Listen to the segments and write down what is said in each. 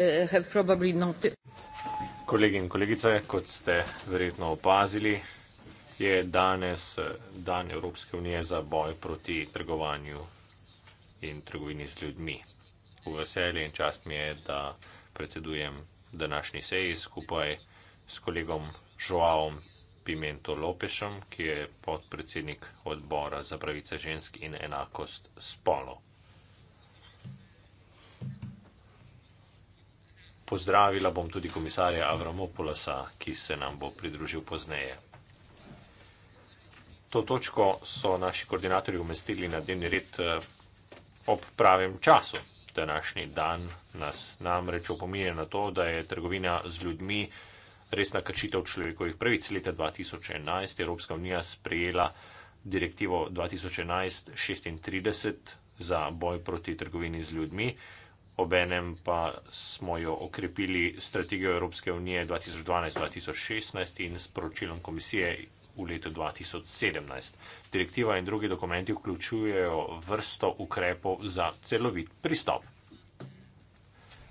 Uh, have probably not. Kolegi in kolegice, kot ste verjetno opazili, je danes uh, dan Evropske unije za boj proti trgovanju in trgovini z ljudmi. V veselje in čast mi je, da predsedujem današnji seji skupaj s kolegom Joaom Pimento Lopešem, ki je podpredsednik odbora za pravice žensk in enakost spolov. pozdravila bom tudi komisarja Avramopolasa, ki se nam bo pridružil pozneje. To točko so naši koordinatorji umestili na dnevni red eh, ob pravem času. Današnji dan nas namreč opominja na to, da je trgovina z ljudmi resna kršitev človekovih pravic. Leta 2011 je Evropska unija sprejela direktivo 2011-36 za boj proti trgovini z ljudmi obenem pa smo jo okrepili strategijo Evropske unije 2012-2016 in s poročilom komisije v letu 2017. Direktiva in drugi dokumenti vključujejo vrsto ukrepov za celovit pristop.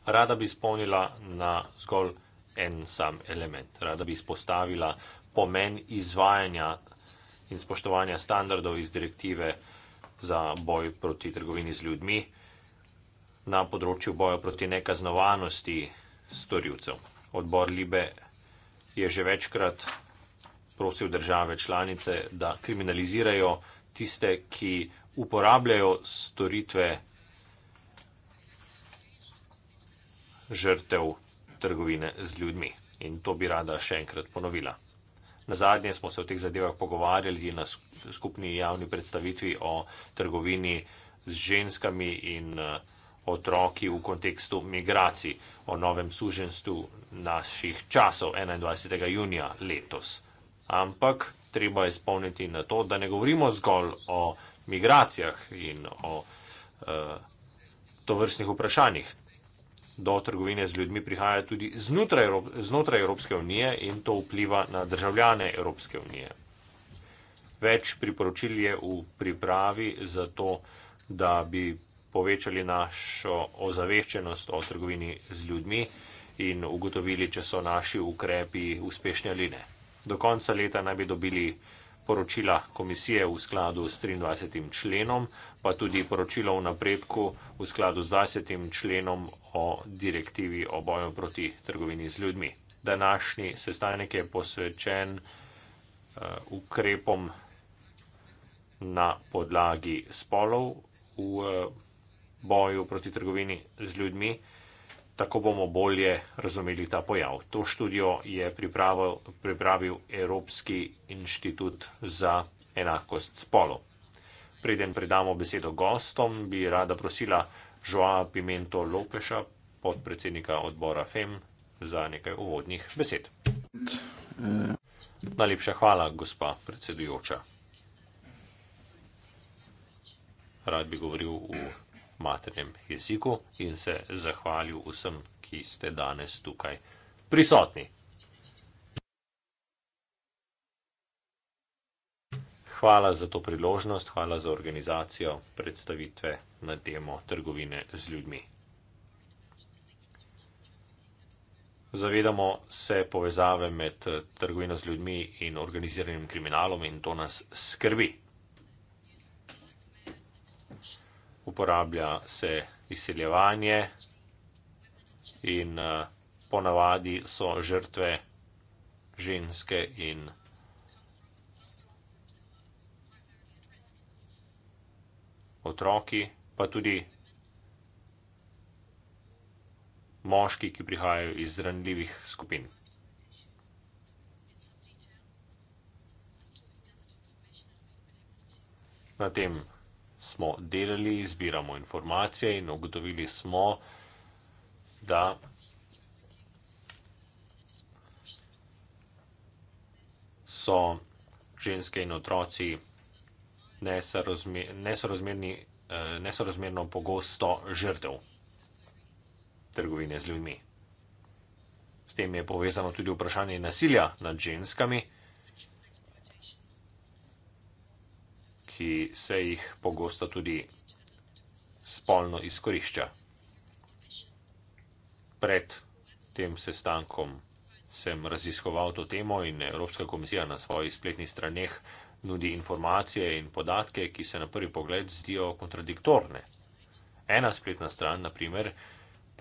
Rada bi spomnila na zgolj en sam element. Rada bi izpostavila pomen izvajanja in spoštovanja standardov iz direktive za boj proti trgovini z ljudmi na področju boja proti nekaznovanosti storilcev. Odbor Libe je že večkrat prosil države članice, da kriminalizirajo tiste, ki uporabljajo storitve žrtev trgovine z ljudmi. In to bi rada še enkrat ponovila. Na zadnje smo se o teh zadevah pogovarjali na skupni javni predstavitvi o trgovini z ženskami in uh, otroki v kontekstu migracij, o novem suženstvu naših časov 21. junija letos. Ampak treba je spomniti na to, da ne govorimo zgolj o migracijah in o uh, tovrstnih vprašanjih. Do trgovine z ljudmi prihaja tudi znotraj, znotraj Evropske unije in to vpliva na državljane Evropske unije. Več priporočil je v pripravi za to, da bi povečali našo ozaveščenost o trgovini z ljudmi in ugotovili, če so naši ukrepi uspešni ali ne. Do konca leta naj bi dobili poročila komisije v skladu s 23. členom, pa tudi poročilo v napredku v skladu z 20. členom o direktivi o boju proti trgovini z ljudmi. Današnji sestanek je posvečen uh, ukrepom na podlagi spolov v uh, boju proti trgovini z ljudmi, tako bomo bolje razumeli ta pojav. To študijo je pripravil, pripravil Evropski inštitut za enakost spolo. Preden predamo besedo gostom, bi rada prosila Joa Pimento Lopeša, podpredsednika odbora FEM, za nekaj uvodnih besed. Najlepša hvala, gospa predsedujoča. Rad bi govoril v maternem jeziku in se zahvalil vsem, ki ste danes tukaj prisotni. Hvala za to priložnost, hvala za organizacijo predstavitve na temo trgovine z ljudmi. Zavedamo se povezave med trgovino z ljudmi in organiziranim kriminalom in to nas skrbi. uporablja se izseljevanje in eh, ponavadi so žrtve ženske in otroki, pa tudi moški, ki prihajajo iz zranljivih skupin. Na tem smo delali, zbiramo informacije in ugotovili smo, da so ženske in otroci eh, nesorazmerno pogosto žrtev trgovine z ljudmi. S tem je povezano tudi vprašanje nasilja nad ženskami. ki se jih pogosto tudi spolno izkorišča. Pred tem sestankom sem raziskoval to temo in Evropska komisija na svojih spletnih straneh nudi informacije in podatke, ki se na prvi pogled zdijo kontradiktorne. Ena spletna stran, na primer,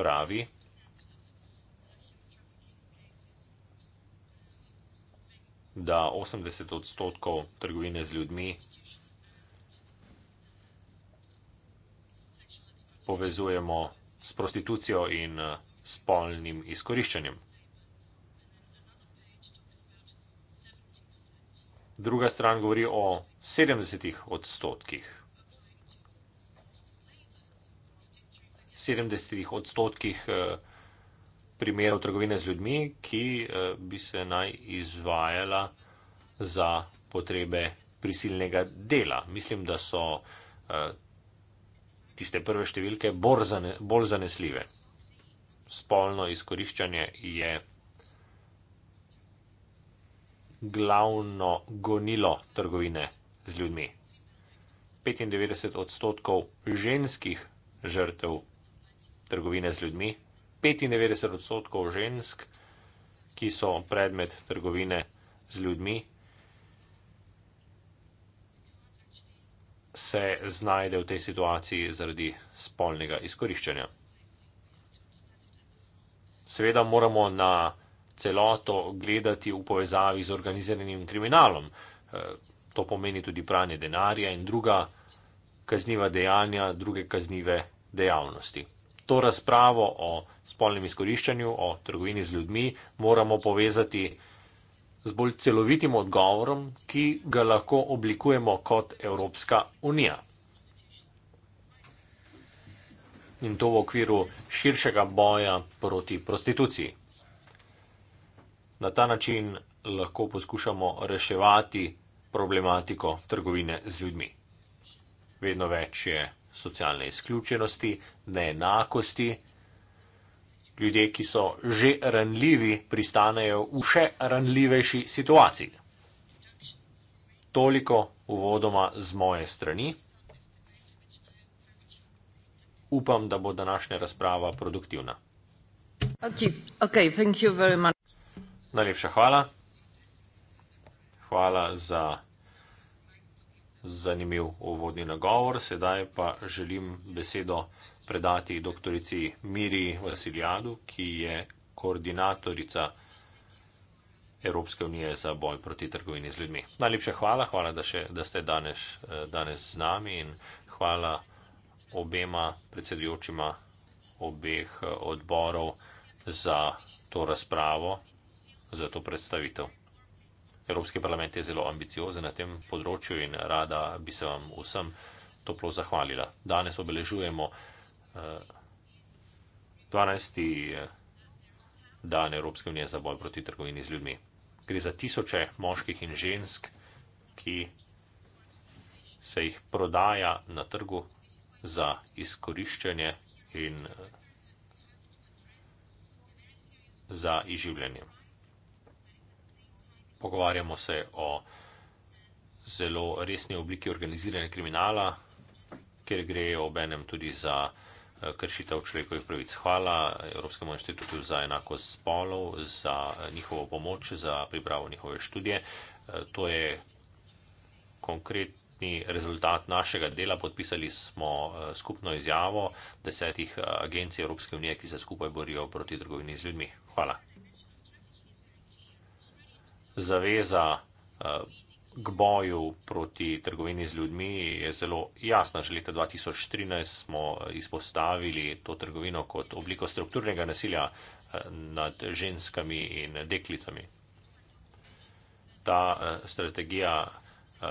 pravi, da 80 odstotkov trgovine z ljudmi povezujemo s prostitucijo in eh, spolnim izkoriščanjem. Druga stran govori o 70 odstotkih. 70 odstotkih eh, primerov trgovine z ljudmi, ki eh, bi se naj izvajala za potrebe prisilnega dela. Mislim, da so tiste prve številke zane, bolj zanesljive. Spolno izkoriščanje je glavno gonilo trgovine z ljudmi. 95 odstotkov ženskih žrtev trgovine z ljudmi, 95 odstotkov žensk, ki so predmet trgovine z ljudmi, se znajde v tej situaciji zaradi spolnega izkoriščanja. Seveda moramo na celoto gledati v povezavi z organiziranim kriminalom. E, to pomeni tudi pranje denarja in druga kazniva dejanja, druge kaznive dejavnosti. To razpravo o spolnem izkoriščanju, o trgovini z ljudmi moramo povezati z bolj celovitim odgovorom, ki ga lahko oblikujemo kot Evropska unija. In to v okviru širšega boja proti prostituciji. Na ta način lahko poskušamo reševati problematiko trgovine z ljudmi. Vedno več je socialne izključenosti, neenakosti ljudje, ki so že ranljivi, pristanejo v še ranljivejši situaciji. Toliko uvodoma z moje strani. Upam, da bo današnja razprava produktivna. Okay. Okay, Najlepša hvala. Hvala za zanimiv uvodni nagovor. Sedaj pa želim besedo predati dr. Miri Vasiljadu, ki je koordinatorica Evropske unije za boj proti trgovini z ljudmi. Najlepša hvala, hvala, da, še, da ste danes, danes z nami in hvala obema predsedujočima obeh odborov za to razpravo, za to predstavitev. Evropski parlament je zelo ambiciozen na tem področju in rada bi se vam vsem toplo zahvalila. Danes obeležujemo 12. Eh, dan Evropske unije za boj proti trgovini z ljudmi. Gre za tisoče moških in žensk, ki se jih prodaja na trgu za izkoriščanje in eh, za izživljanje. Pogovarjamo se o zelo resni obliki organiziranega kriminala, kjer gre ob enem tudi za Eh, kršitev človekovih pravic. Hvala Evropskemu inštitutu za enakost spolov, za eh, njihovo pomoč, za pripravo njihove študije. Eh, to je konkretni rezultat našega dela. Podpisali smo skupno izjavo desetih agencij Evropske unije, ki se skupaj borijo proti trgovini z ljudmi. Hvala. Zaveza k boju proti trgovini z ljudmi je zelo jasna. Že leta 2013 smo izpostavili to trgovino kot obliko strukturnega nasilja eh, nad ženskami in deklicami. Ta eh, strategija eh,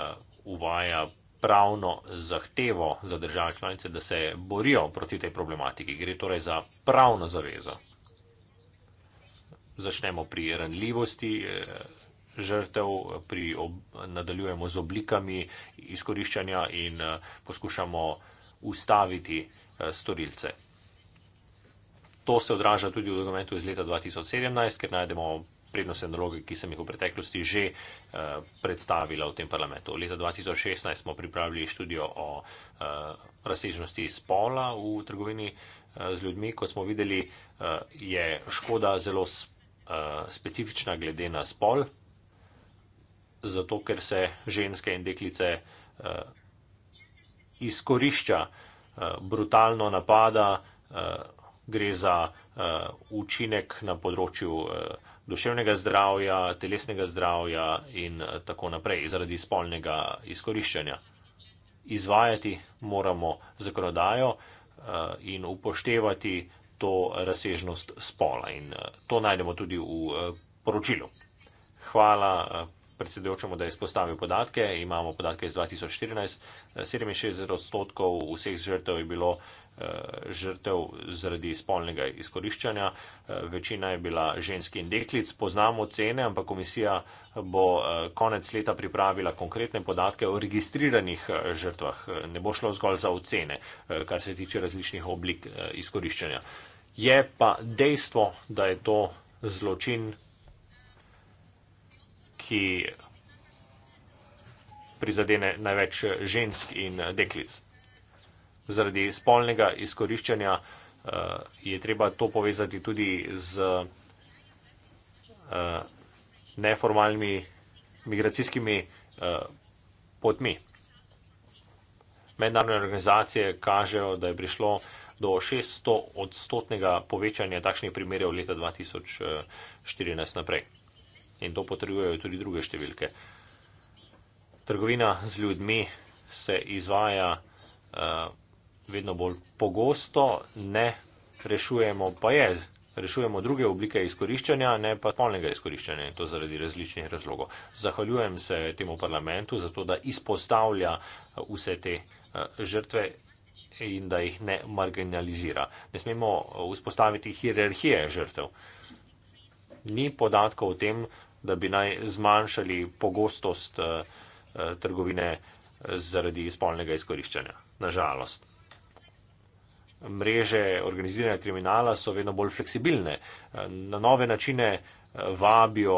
uvaja pravno zahtevo za države članice, da se borijo proti tej problematiki. Gre torej za pravno zavezo. Začnemo pri ranljivosti žrtev, pri ob, nadaljujemo z oblikami izkoriščanja in poskušamo ustaviti eh, storilce. To se odraža tudi v dokumentu iz leta 2017, ker najdemo prednostne naloge, ki sem jih v preteklosti že eh, predstavila v tem parlamentu. Leta 2016 smo pripravili študijo o eh, razsežnosti spola v trgovini z ljudmi. Kot smo videli, je škoda zelo specifična glede na spol zato ker se ženske in deklice uh, izkorišča, uh, brutalno napada, uh, gre za uh, učinek na področju uh, duševnega zdravja, telesnega zdravja in uh, tako naprej, zaradi spolnega izkoriščanja. Izvajati moramo zakonodajo uh, in upoštevati to razsežnost spola in uh, to najdemo tudi v uh, poročilu. Hvala. Uh, predsedujočemu, da je izpostavil podatke. Imamo podatke iz 2014. 67 odstotkov vseh žrtev je bilo eh, žrtev zaradi spolnega izkoriščanja. Eh, večina je bila ženski in deklic. Poznamo cene, ampak komisija bo eh, konec leta pripravila konkretne podatke o registriranih žrtvah. Ne bo šlo zgolj za ocene, kar se tiče različnih oblik izkoriščanja. Je pa dejstvo, da je to zločin ki prizadene največ žensk in deklic. Zaradi spolnega izkoriščanja eh, je treba to povezati tudi z eh, neformalnimi migracijskimi eh, potmi. Mednarodne organizacije kažejo, da je prišlo do 600 odstotnega povečanja takšnih primerjev leta 2014 naprej in to potrjujejo tudi druge številke. Trgovina z ljudmi se izvaja uh, vedno bolj pogosto, ne rešujemo pa je, rešujemo druge oblike izkoriščanja, ne pa spolnega izkoriščanja in to zaradi različnih razlogov. Zahvaljujem se temu parlamentu za to, da izpostavlja eh, vse te uh, žrtve in da jih ne marginalizira. Ne smemo vzpostaviti hierarhije žrtev. Ni podatkov o tem, da bi naj zmanjšali pogostost eh, eh, trgovine eh, zaradi spolnega izkoriščanja. Nažalost. Mreže organiziranega kriminala so vedno bolj fleksibilne, na nove načine vabijo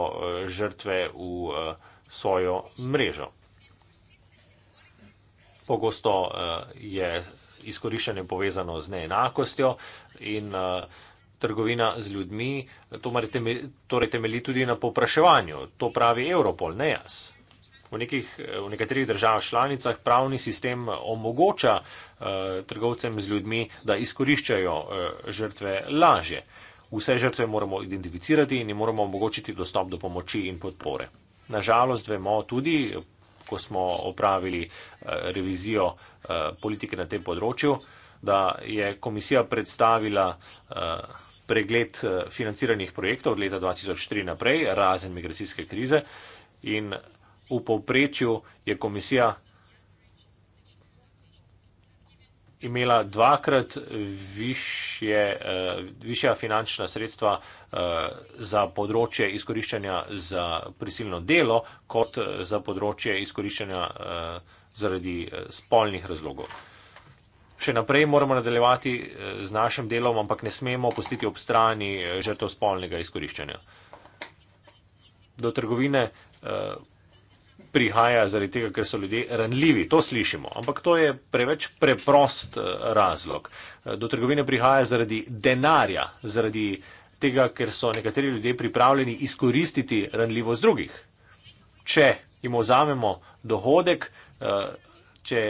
žrtve v svojo mrežo. Pogosto je izkoriščanje povezano z neenakostjo in uh, trgovina z ljudmi, to temeli, torej temeli tudi na popraševanju. To pravi Europol, ne jaz. V, nekih, v nekaterih državah članicah pravni sistem omogoča uh, trgovcem z ljudmi, da izkoriščajo uh, žrtve lažje. Vse žrtve moramo identificirati in jim moramo omogočiti dostop do pomoči in podpore. Nažalost, vemo tudi, ko smo opravili eh, revizijo politike na tem področju, da je komisija predstavila pregled eh, financiranih projektov od leta 2003 naprej, razen migracijske krize. In v povprečju je komisija imela dvakrat višje, eh, višja finančna sredstva eh, za področje izkoriščanja za prisilno delo, kot za področje izkoriščanja zaradi spolnih razlogov še naprej moramo nadaljevati eh, z našim delom, ampak ne smemo pustiti ob strani eh, žrtev spolnega izkoriščanja. Do trgovine eh, prihaja zaradi tega, ker so ljudje ranljivi. To slišimo, ampak to je preveč preprost razlog. Do trgovine prihaja zaradi denarja, zaradi tega, ker so nekateri ljudje pripravljeni izkoristiti ranljivost drugih. Če jim vzamemo dohodek, če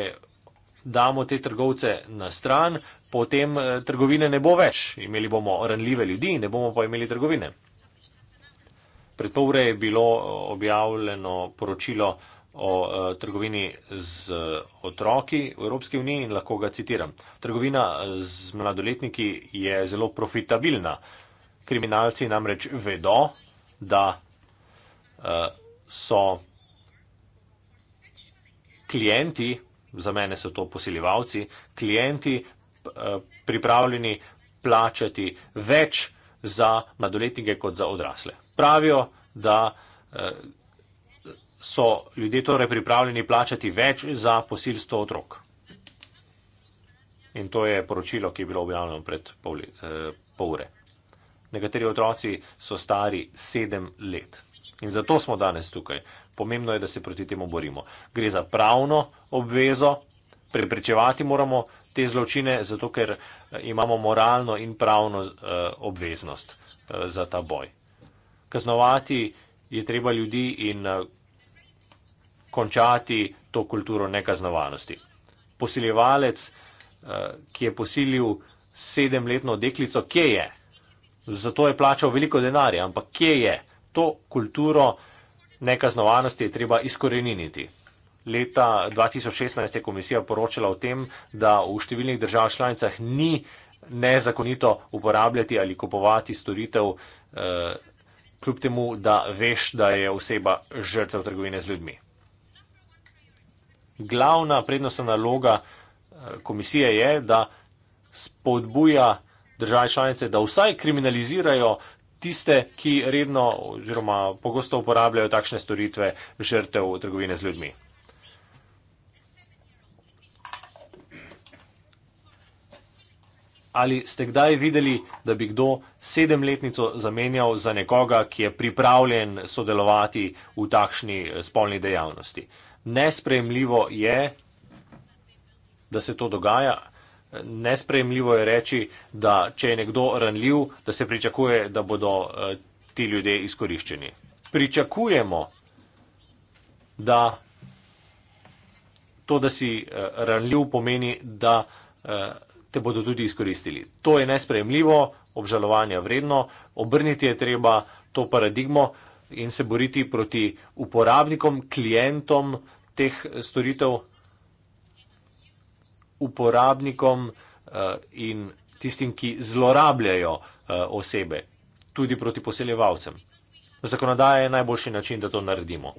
damo te trgovce na stran, potem eh, trgovine ne bo več. Imeli bomo ranljive ljudi, ne bomo pa imeli trgovine. Pred pol ure je bilo eh, objavljeno poročilo o e, trgovini z otroki v Evropski uniji in lahko ga citiram. Trgovina z mladoletniki je zelo profitabilna. Kriminalci namreč vedo, da e, so klienti za mene so to posiljevalci, klienti eh, pripravljeni plačati več za mladoletnike kot za odrasle. Pravijo, da eh, so ljudje torej pripravljeni plačati več za posilstvo otrok. In to je poročilo, ki je bilo objavljeno pred pol, eh, pol ure. Nekateri otroci so stari sedem let. In zato smo danes tukaj. Pomembno je, da se proti temu borimo. Gre za pravno obvezo, preprečevati moramo te zločine, zato ker eh, imamo moralno in pravno uh, obveznost uh, za ta boj. Kaznovati je treba ljudi in uh, končati to kulturo nekaznovanosti. Posiljevalec, uh, ki je posilil sedemletno deklico, kje je? Zato je plačal veliko denarja, ampak kje je? To kulturo nekaznovanosti je treba izkoreniniti. Leta 2016 je komisija poročala o tem, da v številnih držav članicah ni nezakonito uporabljati ali kupovati storitev, eh, kljub temu, da veš, da je oseba žrtev trgovine z ljudmi. Glavna prednostna naloga eh, komisije je, da spodbuja države članice, da vsaj kriminalizirajo tiste, ki redno oziroma pogosto uporabljajo takšne storitve žrtev trgovine z ljudmi. Ali ste kdaj videli, da bi kdo sedemletnico zamenjal za nekoga, ki je pripravljen sodelovati v takšni eh, spolni dejavnosti? Nespremljivo je, da se to dogaja nesprejemljivo je reči, da če je nekdo ranljiv, da se pričakuje, da bodo eh, ti ljudje izkoriščeni. Pričakujemo, da to, da si eh, ranljiv, pomeni, da eh, te bodo tudi izkoristili. To je nesprejemljivo, obžalovanja vredno, obrniti je treba to paradigmo in se boriti proti uporabnikom, klientom teh storitev uporabnikom eh, in tistim, ki zlorabljajo eh, osebe, tudi proti poseljevalcem. Zakonodaja je najboljši način, da to naredimo.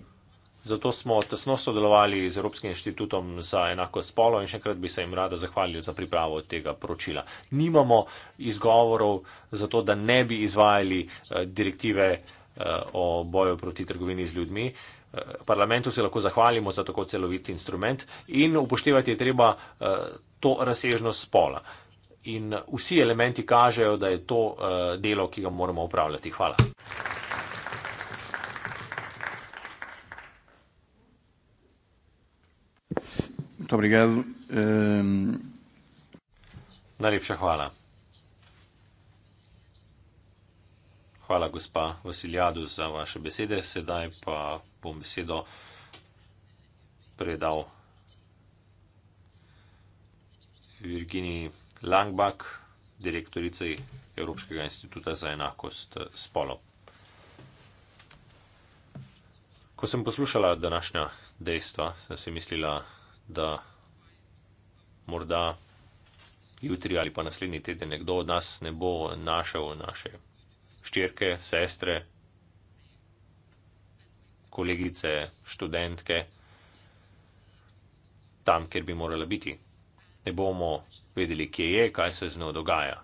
Zato smo tesno sodelovali z Evropskim inštitutom za enako spolo in še enkrat bi se jim rada zahvalili za pripravo tega poročila. Nimamo izgovorov za to, da ne bi izvajali eh, direktive o boju proti trgovini z ljudmi. Eh, parlamentu se lahko zahvalimo za tako celovit instrument in upoštevati je treba eh, to razsežnost spola. In eh, vsi elementi kažejo, da je to delo, ki ga moramo upravljati. Hvala. Obrigado. Um... Najlepša hvala. Hvala, gospa Vasiljadu, za vaše besede. Sedaj pa bom besedo predal Virginiji Langbach, direktorici Evropskega instituta za enakost spolov. Ko sem poslušala današnja dejstva, sem si mislila, da morda jutri ali pa naslednji teden nekdo od nas ne bo našel naše ščirke, sestre, kolegice, študentke tam, kjer bi morala biti. Ne bomo vedeli, kje je, kaj se z njo dogaja.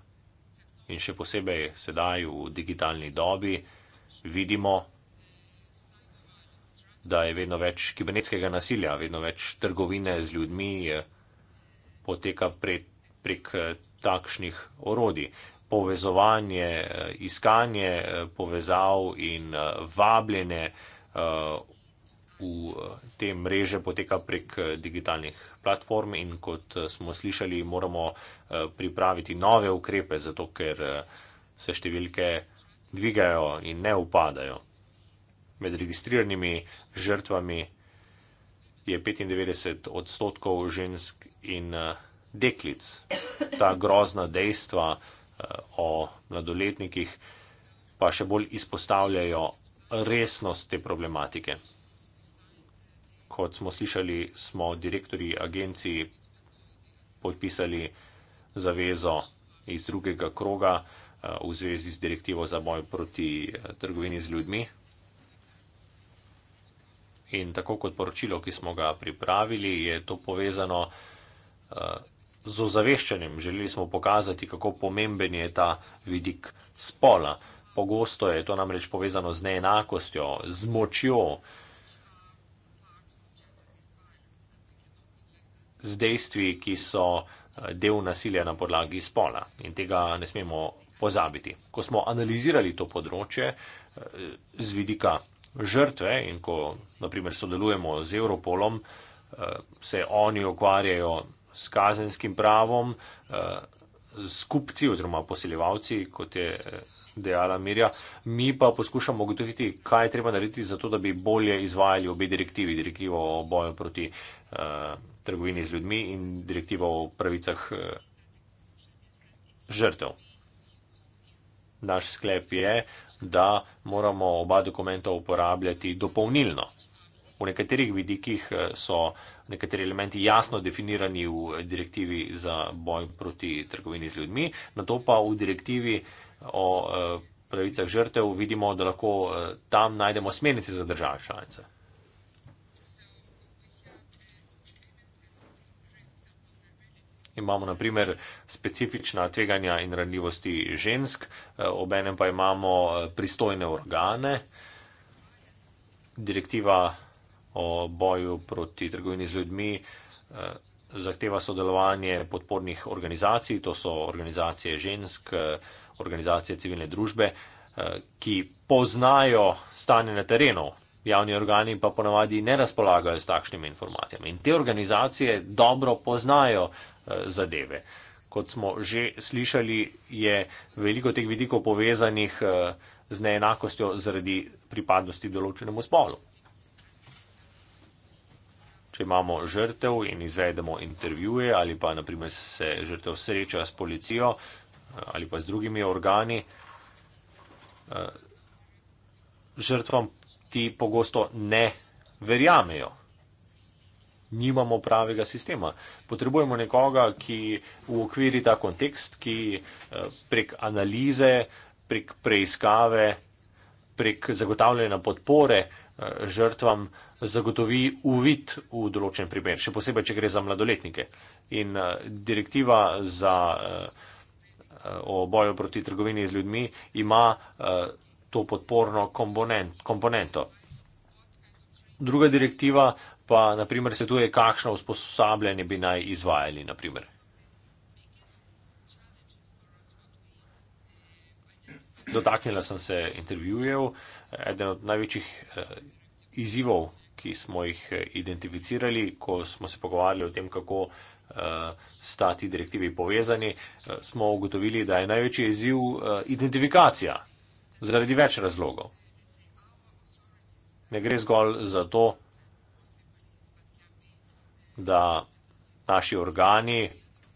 In še posebej sedaj v digitalni dobi vidimo, da je vedno več kibernetskega nasilja, vedno več trgovine z ljudmi poteka pred, prek takšnih orodij. Povezovanje, iskanje povezav in vabljenje Eh, v te mreže poteka prek eh, digitalnih platform in kot eh, smo slišali, moramo pripraviti nove ukrepe, zato ker se številke dvigajo in ne upadajo. Med registriranimi žrtvami je 95 odstotkov žensk in deklic. Ta grozna dejstva o mladoletnikih pa še bolj izpostavljajo resnost te problematike. Kot smo slišali, smo direktori agenciji podpisali zavezo iz drugega kroga eh, v zvezi z direktivo za boj proti eh, trgovini z ljudmi. In tako kot poročilo, ki smo ga pripravili, je to povezano eh, z ozaveščanjem. Želeli smo pokazati, kako pomemben je ta vidik spola. Pogosto je to namreč povezano z neenakostjo, z močjo, z dejstvi, ki so eh, del nasilja na podlagi spola. In tega ne smemo pozabiti. Ko smo analizirali to področje eh, z vidika žrtve in ko naprimer sodelujemo z Europolom, eh, se oni ukvarjajo s kazenskim pravom, s kupci oziroma posiljevalci, kot je dejala Mirja. Mi pa poskušamo ugotoviti, kaj je treba narediti za to, da bi bolje izvajali obe direktivi, direktivo o boju proti uh, trgovini z ljudmi in direktivo o pravicah uh, žrtev. Naš sklep je, da moramo oba dokumenta uporabljati dopolnilno. V nekaterih vidikih eh, so nekateri elementi jasno definirani v direktivi za boj proti trgovini z ljudmi, na to pa v direktivi uh, o e, pravicah žrtev, vidimo, da lahko e, tam najdemo smernice za države članice. Imamo naprimer specifična tveganja in ranljivosti žensk, e, obenem pa imamo pristojne organe. Direktiva o boju proti trgovini z ljudmi zahteva sodelovanje podpornih organizacij, to so organizacije žensk, eh, organizacije civilne družbe, eh, ki poznajo stanje na terenu. Javni organi pa ponavadi ne razpolagajo s takšnimi informacijami. In te organizacije dobro poznajo eh, zadeve. Kot smo že slišali, je veliko teh vidikov povezanih z neenakostjo zaradi pripadnosti določenemu spolu. Če imamo žrtev in izvedemo intervjuje ali pa naprimer se žrtev sreča s policijo eh, ali pa z drugimi organi, eh, žrtvam ti pogosto ne verjamejo. Nimamo pravega sistema. Potrebujemo nekoga, ki uokviri ta kontekst, ki eh, prek analize, prek preiskave, prek zagotavljanja podpore žrtvam zagotovi uvid v določen primer, še posebej, če gre za mladoletnike. In eh, direktiva za eh, obojo proti trgovini z ljudmi ima eh, to podporno komponento. Druga direktiva pa, naprimer, svetuje, kakšno usposabljanje bi naj izvajali, naprimer. dotaknila sem se intervjujev. Eden od največjih eh, izzivov, ki smo jih eh, identificirali, ko smo se pogovarjali o tem, kako eh, sta ti direktivi povezani, smo ugotovili, da je največji izziv identifikacija zaradi več razlogov. Ne gre zgolj za to, da naši organi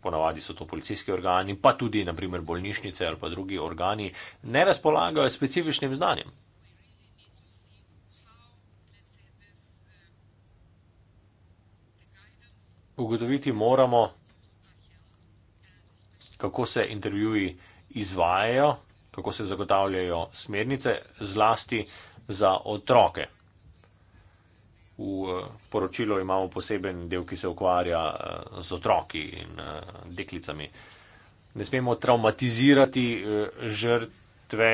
ponavadi so to policijski organi, pa tudi naprimer bolnišnice ali pa drugi organi, ne razpolagajo s specifičnim znanjem. Ugotoviti moramo, kako se intervjuji izvajajo, kako se zagotavljajo smernice, zlasti za otroke. V eh, poročilu imamo poseben del, ki se ukvarja eh, z otroki in eh, deklicami. Ne smemo traumatizirati žrtve,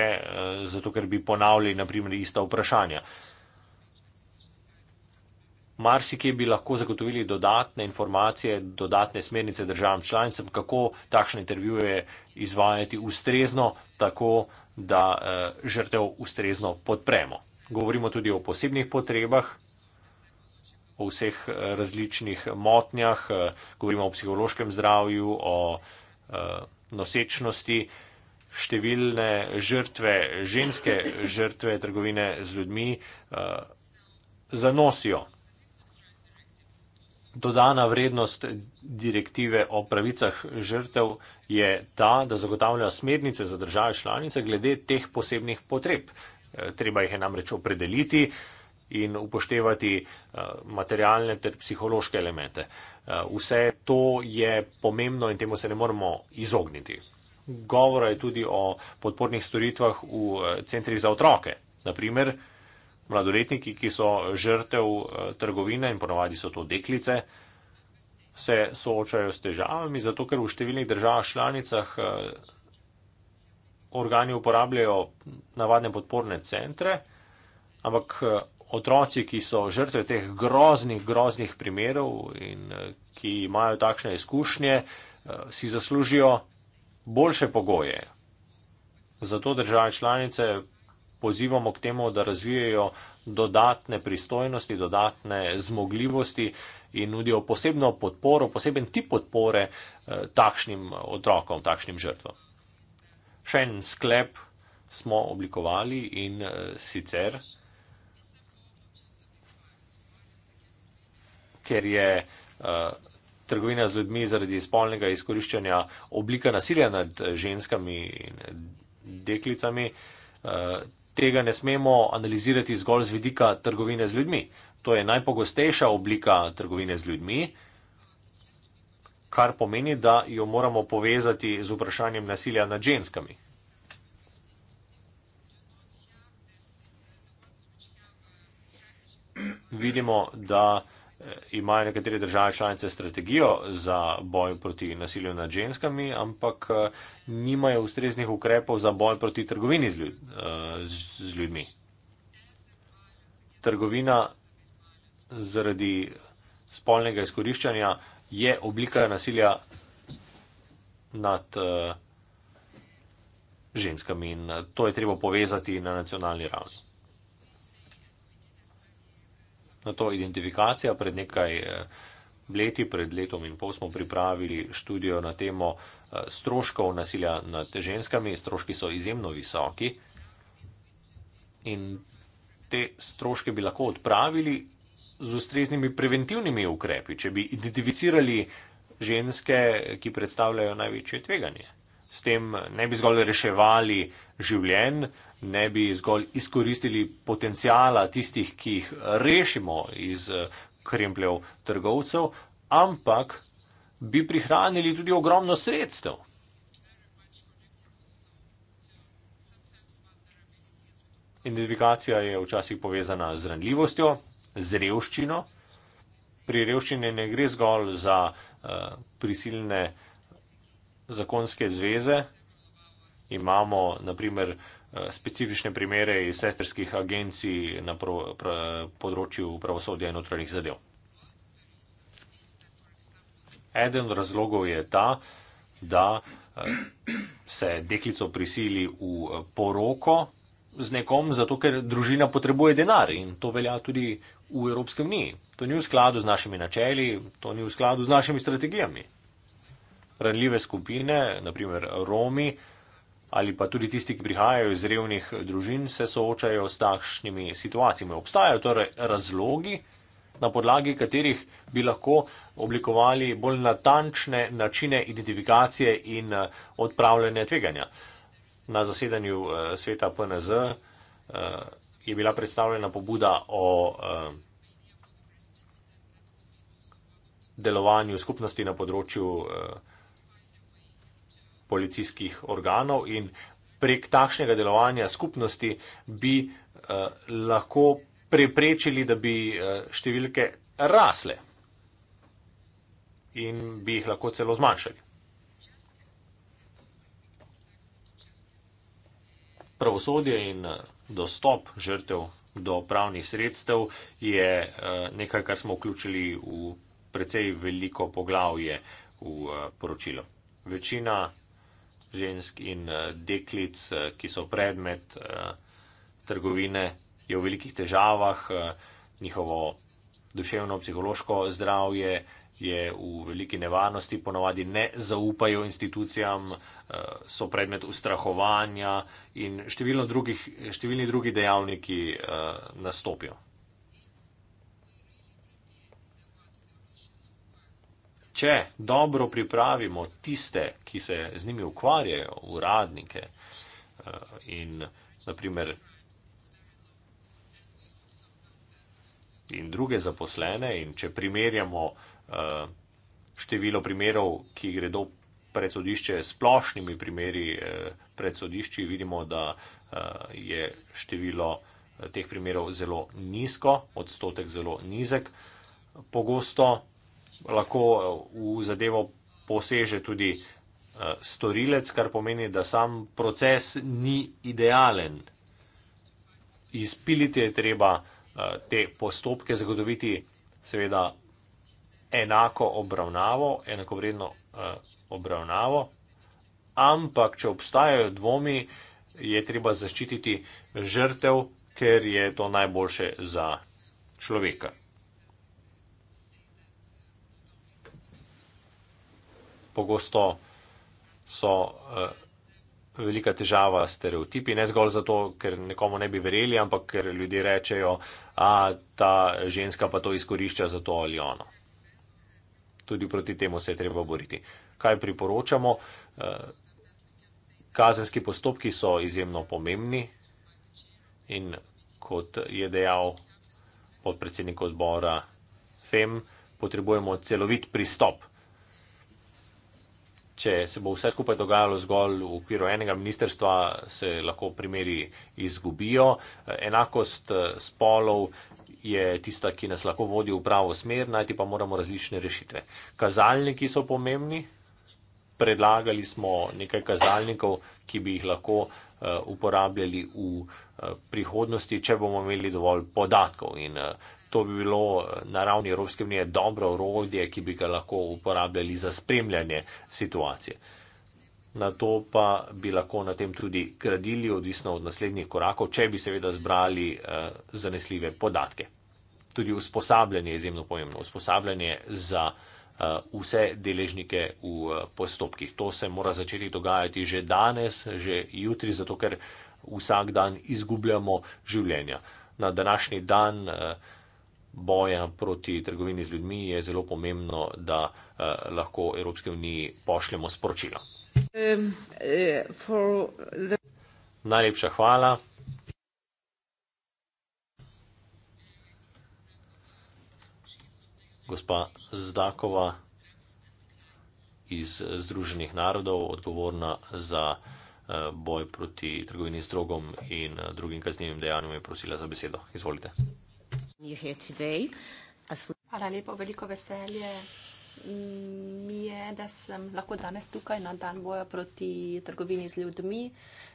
zato ker bi ponavljali naprimer ista vprašanja. Marsikje bi lahko zagotovili dodatne informacije, dodatne smernice državam članicam, kako takšne intervjuje izvajati ustrezno, tako da žrtev ustrezno podpremo. Govorimo tudi o posebnih potrebah, o vseh eh, različnih motnjah, eh, govorimo o psihološkem zdravju, o eh, nosečnosti, številne žrtve, ženske žrtve trgovine z ljudmi zanosijo. Dodana vrednost direktive o pravicah žrtev je ta, da zagotavlja smernice za države članice glede teh posebnih potreb. Treba jih je namreč opredeliti in upoštevati eh, materialne ter psihološke elemente. Eh, vse to je pomembno in temu se ne moremo izogniti. Govora je tudi o podpornih storitvah v eh, centrih za otroke. Naprimer, mladoletniki, ki so žrtev trgovine in ponovadi so to deklice, se soočajo s težavami, zato ker v številnih državah članicah organi uporabljajo navadne podporne centre, ampak otroci, ki so žrtve teh groznih, groznih primerov in eh, ki imajo takšne izkušnje, eh, si zaslužijo boljše pogoje. Zato države članice pozivamo k temu, da razvijajo dodatne pristojnosti, dodatne zmogljivosti in nudijo posebno podporo, poseben tip podpore eh, takšnim otrokom, takšnim žrtvam. Še en sklep smo oblikovali in sicer ker je eh, trgovina z ljudmi zaradi spolnega izkoriščanja oblika nasilja nad eh, ženskami in eh, deklicami, tega ne smemo analizirati zgolj z vidika trgovine z ljudmi. To je najpogostejša oblika trgovine z ljudmi, kar pomeni, da jo moramo povezati z vprašanjem nasilja nad ženskami. Vidimo, da Eh, imajo nekatere države članice strategijo za boj proti nasilju nad ženskami, ampak eh, nimajo ustreznih ukrepov za boj proti trgovini z, ljud, eh, z ljudmi. Trgovina zaradi spolnega izkoriščanja je oblika nasilja nad ženskami in to je treba povezati na nacionalni ravni. Na to identifikacijo pred nekaj eh, leti, pred letom in pol smo pripravili študijo na temo eh, stroškov nasilja nad ženskami. Stroški so izjemno visoki in te stroške bi lahko odpravili z ustreznimi preventivnimi ukrepi, če bi identificirali ženske, ki predstavljajo največje tveganje. S tem eh, ne bi zgolj reševali življenje ne bi zgolj izkoristili potencijala tistih, ki jih rešimo iz eh, krempljev trgovcev, ampak bi prihranili tudi ogromno sredstev. Identifikacija je včasih povezana z ranljivostjo, z revščino. Pri revščini ne gre zgolj za eh, prisilne zakonske zveze. Imamo, naprimer, Eh, specifične primere iz sesterskih agencij na pro, pra, področju pravosodja in notranjih zadev. Eden od razlogov je ta, da eh, se deklico prisili v eh, poroko z nekom, zato ker družina potrebuje denar in to velja tudi v Evropske unije. To ni v skladu z našimi načeli, to ni v skladu z našimi strategijami. Ranljive skupine, naprimer Romi, ali pa tudi tisti, ki prihajajo iz revnih družin, se soočajo s takšnimi situacijami. Obstajajo torej razlogi, na podlagi katerih bi lahko oblikovali bolj natančne načine identifikacije in eh, odpravljanja tveganja. Na zasedanju eh, sveta PNZ eh, je bila predstavljena pobuda o delovanju skupnosti na področju policijskih organov in prek takšnega delovanja skupnosti bi eh, lahko preprečili, da bi eh, številke rasle in bi jih lahko celo zmanjšali. Pravosodje in eh, dostop žrtev do pravnih sredstev je nekaj, kar smo vključili v precej veliko poglavje v poročilo. Večina žensk in eh, deklic, eh, ki so predmet eh, trgovine, je v velikih težavah, njihovo duševno, psihološko zdravje je v veliki nevarnosti, ponovadi ne zaupajo institucijam, so predmet ustrahovanja in številni drugi dejavniki nastopijo. če dobro pripravimo tiste, ki se z njimi ukvarjajo, uradnike eh, in naprimer in druge zaposlene in če primerjamo eh, število primerov, ki gredo pred sodišče s splošnimi primeri eh, pred sodišči, vidimo, da je število teh primerov zelo nizko, odstotek zelo nizek. Pogosto lahko eh, v zadevo poseže tudi eh, storilec, kar pomeni, da sam proces ni idealen. Izpiliti je treba eh, te postopke, zagotoviti seveda enako obravnavo, enakovredno obravnavo, ampak če obstajajo dvomi, je treba zaščititi žrtev, ker je to najboljše za človeka. pogosto so uh, velika težava stereotipi, ne zgolj zato, ker nekomu ne bi verjeli, ampak ker ljudje rečejo, da ta ženska pa to izkorišča za to ali ono. Tudi proti temu se je treba boriti. Kaj priporočamo? Uh, kazenski postopki so izjemno pomembni in kot je dejal podpredsednik odbora FEM, potrebujemo celovit pristop. Če se bo vse skupaj dogajalo zgolj v okviru enega ministerstva, se lahko primeri izgubijo. Enakost eh, spolov je tista, ki nas lahko vodi v pravo smer, najti pa moramo različne rešitve. Kazalniki so pomembni. Predlagali smo nekaj kazalnikov, ki bi jih lahko eh, uporabljali v eh, prihodnosti, če bomo imeli dovolj podatkov. In to bi bilo eh, na ravni Evropske unije dobro orodje, ki bi ga lahko uporabljali za spremljanje situacije. Na to pa bi lahko na tem tudi gradili, odvisno od naslednjih korakov, če bi seveda zbrali uh, zanesljive podatke. Tudi usposabljanje je izjemno pomembno, usposabljanje za uh, vse deležnike v uh, postopkih. To se mora začeti dogajati že danes, že jutri, zato ker vsak dan izgubljamo življenja. Na današnji dan uh, boja proti trgovini z ljudmi, je zelo pomembno, da eh, lahko Evropske unije pošljemo sporočilo. Um, uh, the... Najlepša hvala. Gospa Zdakova iz Združenih narodov, odgovorna za eh, boj proti trgovini z drogom in eh, drugim kaznjivim dejanjem, je prosila za besedo. Izvolite. Hvala lepa, veliko veselje mm, mi je, da sem lahko danes tukaj na dan boja proti trgovini z ljudmi.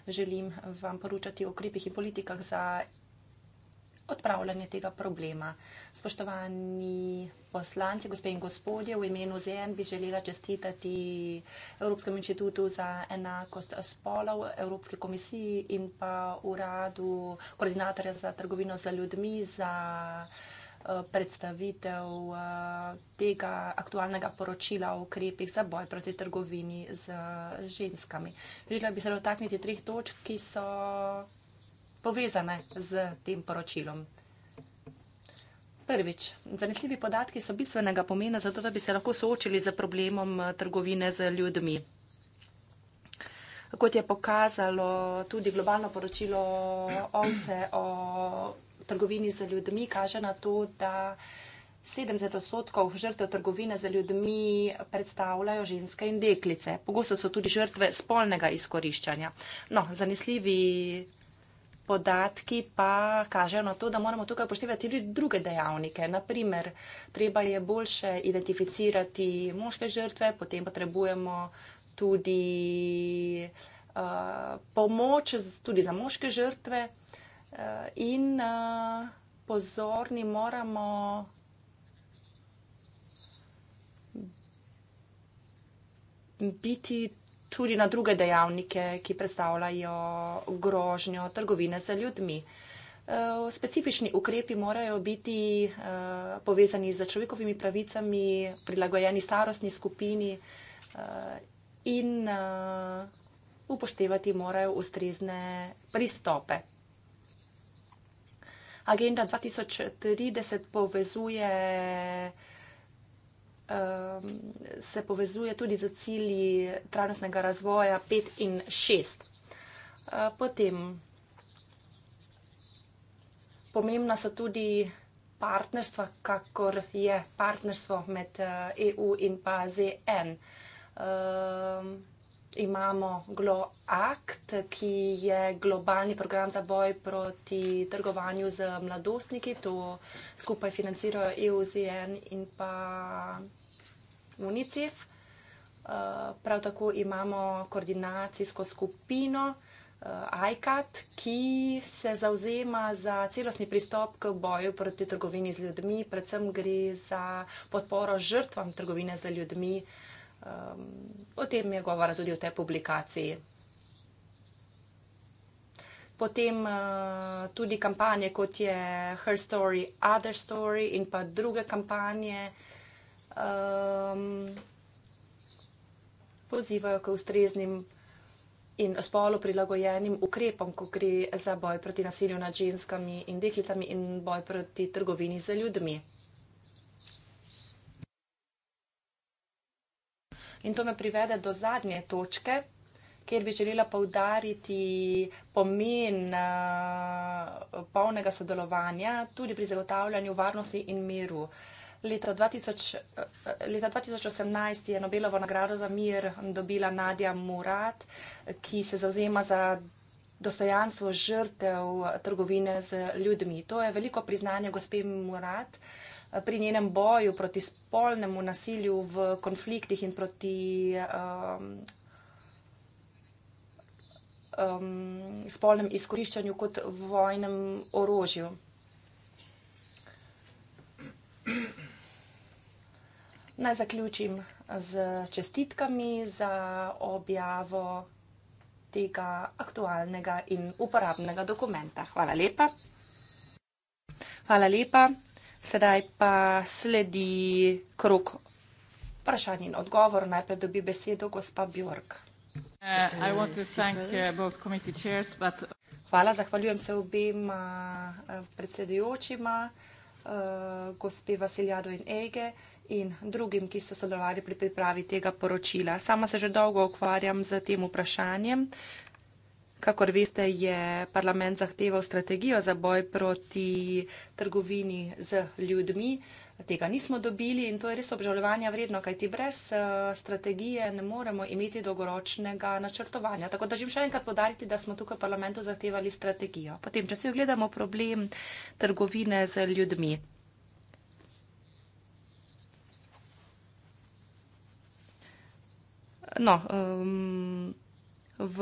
Želim vam poročati o ukrepih in politikah za odpravljanje tega problema. Spoštovani poslanci, gospe in gospodje, v imenu ZN bi želela čestitati Evropskem inštitutu za enakost spolov, Evropski komisiji in pa uradu koordinatorja za trgovino za ljudmi za eh, predstavitev eh, tega aktualnega poročila o ukrepih za boj proti trgovini z ženskami. Želela bi se dotakniti treh točk, ki so povezane z tem poročilom. Prvič, zanesljivi podatki so bistvenega pomena, zato da bi se lahko soočili z problemom eh, trgovine z ljudmi. Kot je pokazalo tudi globalno poročilo OMSE o trgovini z ljudmi, kaže na to, da 70 odstotkov žrtev trgovine z ljudmi predstavljajo ženske in deklice. Pogosto so tudi žrtve spolnega izkoriščanja. No, zanesljivi podatki podatki pa kažejo na to, da moramo tukaj upoštevati tudi druge dejavnike. Naprimer, treba je boljše identificirati moške žrtve, potem potrebujemo tudi uh, pomoč tudi za moške žrtve uh, in uh, pozorni moramo. Biti tudi na druge dejavnike, ki predstavljajo grožnjo trgovine za ljudmi. E, specifični ukrepi morajo biti e, povezani z človekovimi pravicami, prilagojeni starostni skupini e, in upoštevati morajo ustrezne pristope. Agenda 2030 povezuje um, se povezuje tudi z cilji trajnostnega razvoja 5 in 6. Potem pomembna so tudi partnerstva, kakor je partnerstvo med EU eh, e in pa ZN. Um, imamo GLOACT, ki je globalni program za boj proti trgovanju z mladostniki. To skupaj financirajo EU, ZN in pa UNICEF. Eh, prav tako imamo koordinacijsko skupino eh, ICAT, ki se zauzema za celostni pristop k boju proti trgovini z ljudmi, predvsem gre za podporo žrtvam trgovine z ljudmi. Eh, o tem je govora tudi v tej publikaciji. Potem tudi kampanje, kot je Her Story, Other Story in pa druge kampanje, ki je um, pozivajo k ustreznim in spolu prilagojenim ukrepom, ko gre za boj proti nasilju nad ženskami in deklicami in boj proti trgovini z ljudmi. In to me privede do zadnje točke, kjer bi želela povdariti pomen uh, polnega sodelovanja tudi pri zagotavljanju varnosti in miru. Uh, Leto 2000, leta 2018 je Nobelovo nagrado za mir dobila Nadja Murat, ki se zauzema za dostojanstvo žrtev trgovine z ljudmi. To je veliko priznanje gospe Murat pri njenem boju proti spolnemu nasilju v konfliktih in proti. Um, Um, spolnem izkoriščanju kot vojnem orožju. Naj zaključim z čestitkami za objavo tega aktualnega in uporabnega dokumenta. Hvala lepa. Hvala lepa. Sedaj pa sledi krok vprašanj in odgovor. Najprej dobi besedo gospa Bjork. Uh, uh, Hvala, zahvaljujem se obema uh, predsedujočima, gospe Vasiljado in Ege in drugim, ki so sodelovali pri pripravi tega poročila. Sama se že dolgo ukvarjam z tem vprašanjem. Kakor veste, je parlament zahteval strategijo za boj proti trgovini z ljudmi. Tega nismo dobili in to je res obžalovanja vredno, kajti brez eh, strategije ne moremo imeti dolgoročnega načrtovanja. Tako da želim še enkrat podariti, da smo tukaj v parlamentu zahtevali strategijo. Potem, če si ogledamo problem trgovine z ljudmi. no, um, v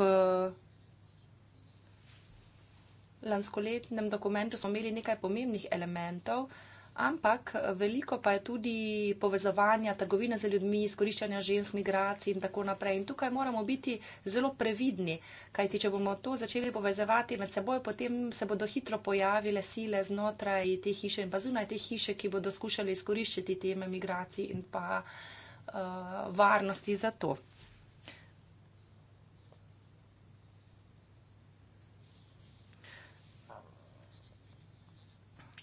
lanskoletnem dokumentu smo imeli nekaj pomembnih elementov, ampak veliko pa je tudi povezovanja trgovine z ljudmi, izkoriščanja žensk, migracij in tako naprej. In tukaj moramo biti zelo previdni, kajti če bomo to začeli povezovati med seboj, potem se bodo hitro pojavile sile znotraj te hiše in pa zunaj te hiše, ki bodo skušali izkoriščiti teme migracij in pa uh, varnosti za to.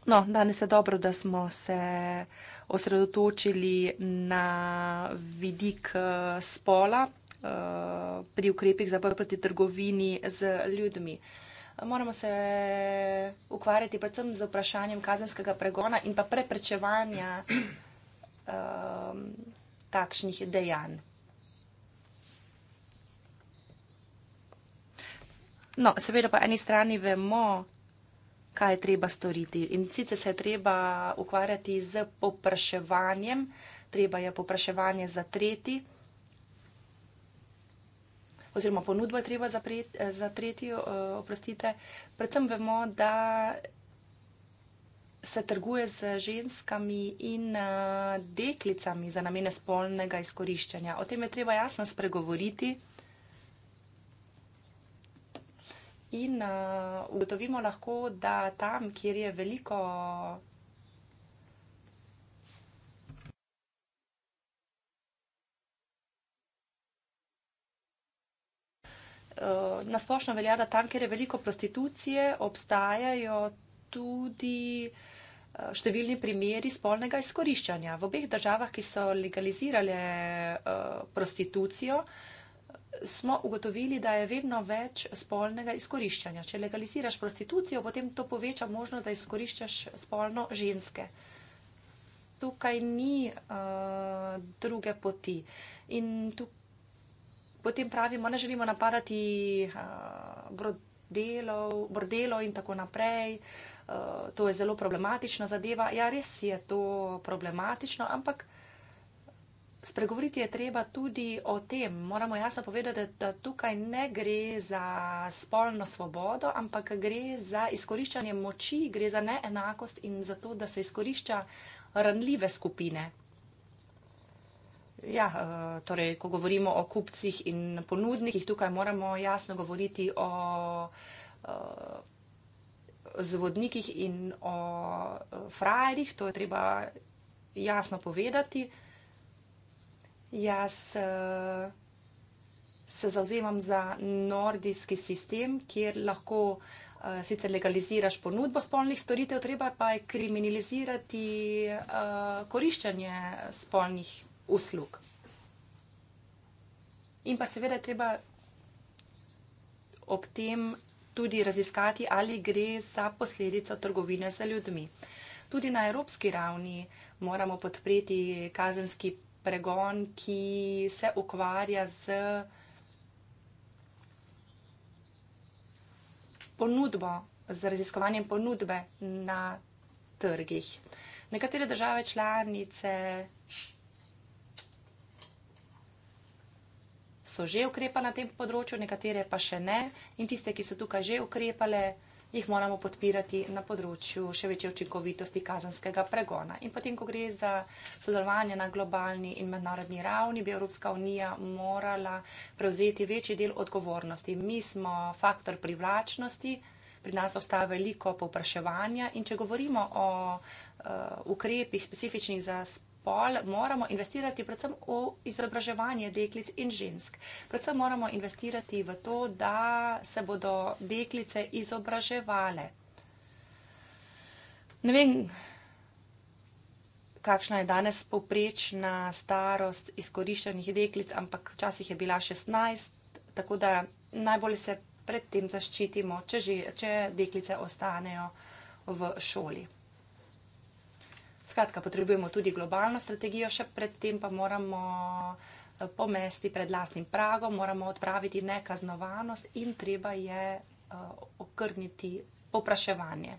No, danes je dobro, da smo se osredotočili na vidik eh, spola eh, pri ukrepih za boj proti trgovini z ljudmi. Moramo se ukvarjati predvsem z vprašanjem kazenskega pregona in pa preprečevanja um, takšnih dejanj. No, seveda pa eni strani vemo, kaj je treba storiti. In sicer se je treba ukvarjati z popraševanjem, treba je popraševanje zatreti, oziroma ponudbo je treba zapreti, eh, zatreti, eh, oprostite. Predvsem vemo, da se trguje z ženskami in eh, deklicami za namene spolnega izkoriščanja. O tem je treba jasno spregovoriti. In uh, ugotovimo lahko, da tam, kjer je veliko. Eh, na splošno velja, da tam, kjer je veliko prostitucije, obstajajo tudi eh, številni primeri spolnega izkoriščanja. V obeh državah, ki so legalizirale prostitucijo, smo ugotovili, da je vedno več spolnega izkoriščanja. Če legaliziraš prostitucijo, potem to poveča možnost, da izkoriščaš spolno ženske. Tukaj ni uh, druge poti. In tu potem pravimo, ne želimo napadati uh, eh, brodelov, brodelov in tako naprej. Uh, to je zelo problematična zadeva. Ja, res je to problematično, ampak. Uh, Spregovoriti je treba tudi o tem. Moramo jasno povedati, da tukaj ne gre za spolno svobodo, ampak gre za izkoriščanje moči, gre za neenakost in za to, da se izkorišča ranljive skupine. Ja, eh, torej, ko govorimo o kupcih in ponudnikih, tukaj moramo jasno govoriti o eh, zvodnikih in o eh, frajerjih. To je treba jasno povedati. Jaz uh, se zauzemam za nordijski sistem, kjer lahko uh, sicer legaliziraš ponudbo spolnih storitev, treba pa je kriminalizirati uh, eh, koriščanje spolnih uslug. In pa seveda je treba ob tem tudi raziskati, ali gre za posledico trgovine z ljudmi. Tudi na evropski ravni moramo podpreti kazenski pregon, ki se ukvarja z ponudbo, z raziskovanjem ponudbe na trgih. Nekatere države članice so že ukrepali na tem področju, nekatere pa še ne. In tiste, ki so tukaj že ukrepali, jih moramo podpirati na področju še večje učinkovitosti kazanskega pregona. In potem, ko gre za sodelovanje na globalni in mednarodni ravni, bi Evropska unija morala prevzeti večji del odgovornosti. Mi smo faktor privlačnosti, pri nas obstaja veliko povpraševanja in če govorimo o uh, ukrepih specifičnih za spremljanje, spol, moramo investirati predvsem v izobraževanje deklic in žensk. Predvsem moramo investirati v to, da se bodo deklice izobraževale. Ne vem, kakšna je danes poprečna starost izkoriščenih deklic, ampak včasih je bila 16, tako da najbolje se pred tem zaščitimo, če, že, če deklice ostanejo v šoli. Skratka, potrebujemo tudi globalno strategijo, še predtem pa moramo eh, pomesti pred lastnim pragom, moramo odpraviti nekaznovanost in treba je eh, okrniti popraševanje.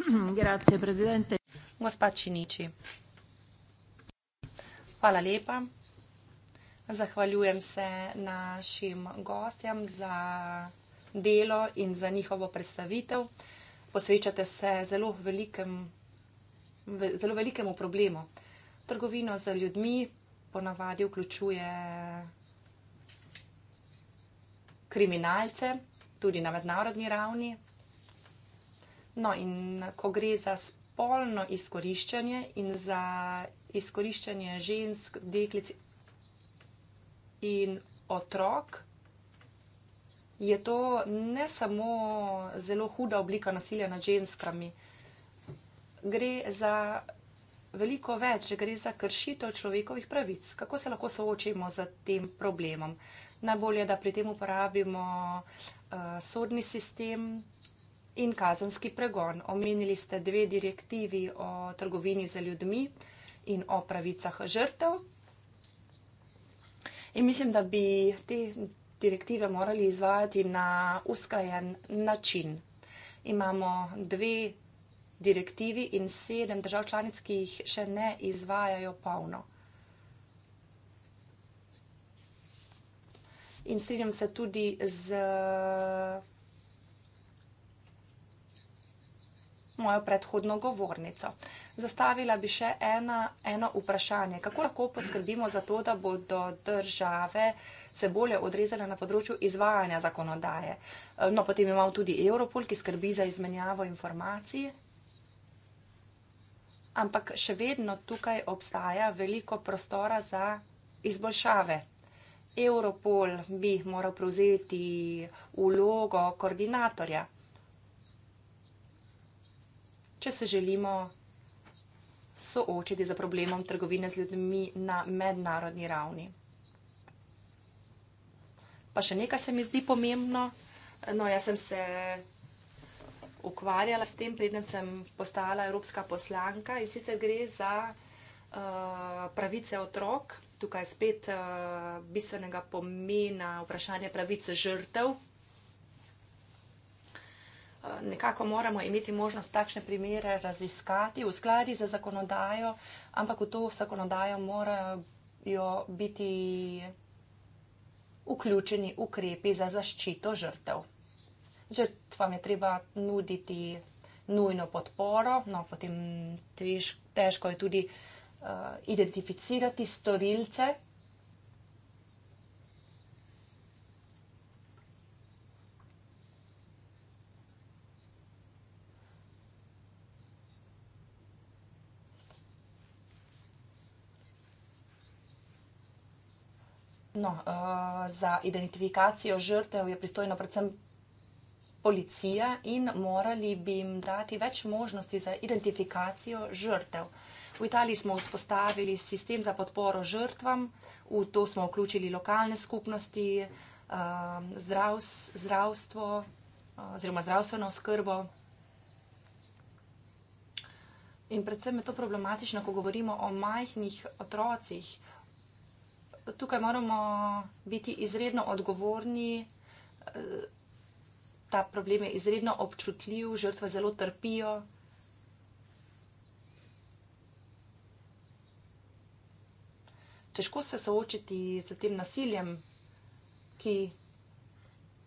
Grazie, presidente. Gospa Činiči. Hvala lepa. Zahvaljujem se našim gostjem za delo in za njihovo predstavitev posvečate se zelo velikem, zelo velikemu problemu. Trgovino z ljudmi ponavadi vključuje kriminalce, tudi na mednarodni ravni. No, in ko gre za spolno izkoriščanje in za izkoriščanje žensk, deklic in otrok, je to ne samo zelo huda oblika nasilja nad ženskami. Gre za veliko več, gre za kršitev človekovih pravic. Kako se lahko soočimo z tem problemom? Najbolje, da pri tem uporabimo uh, sodni sistem in kazanski pregon. Omenili ste dve direktivi o trgovini za ljudmi in o pravicah žrtev. In mislim, da bi te direktive morali izvajati na usklajen način. Imamo dve direktivi in sedem držav članic, ki jih še ne izvajajo polno. In strinjam se tudi z mojo predhodno govornico. Zastavila bi še ena, eno vprašanje. Kako lahko poskrbimo za to, da bodo države uh, se bolje odrezale na področju izvajanja zakonodaje. Eh, no, potem imamo tudi Europol, ki skrbi za izmenjavo informacij. Ampak še vedno tukaj obstaja veliko prostora za izboljšave. Europol bi moral prevzeti ulogo koordinatorja. Če se želimo soočiti za problemom trgovine z ljudmi na mednarodni ravni. Pa še nekaj se mi zdi pomembno. No, jaz sem se ukvarjala s tem, preden sem postala evropska poslanka in sicer gre za uh, pravice otrok. Tukaj je spet uh, bistvenega pomena vprašanje pravice žrtev. Eh, nekako moramo imeti možnost takšne primere raziskati v skladi za zakonodajo, ampak v to zakonodajo morajo biti vključeni ukrepi za zaščito žrtev. Žrtvam je treba nuditi nujno podporo, no potem težko je tudi uh, identificirati storilce, No, uh, za identifikacijo žrtev je pristojna predvsem policija in morali bi jim dati več možnosti za identifikacijo žrtev. V Italiji smo vzpostavili sistem za podporo žrtvam, v to smo vključili lokalne skupnosti, uh, zdravs, zdravstvo uh, oziroma zdravstveno oskrbo. In predvsem je to problematično, ko govorimo o majhnih otrocih, tukaj moramo biti izredno odgovorni. Eh, ta problem je izredno občutljiv, žrtve zelo trpijo. Težko se soočiti z tem nasiljem, ki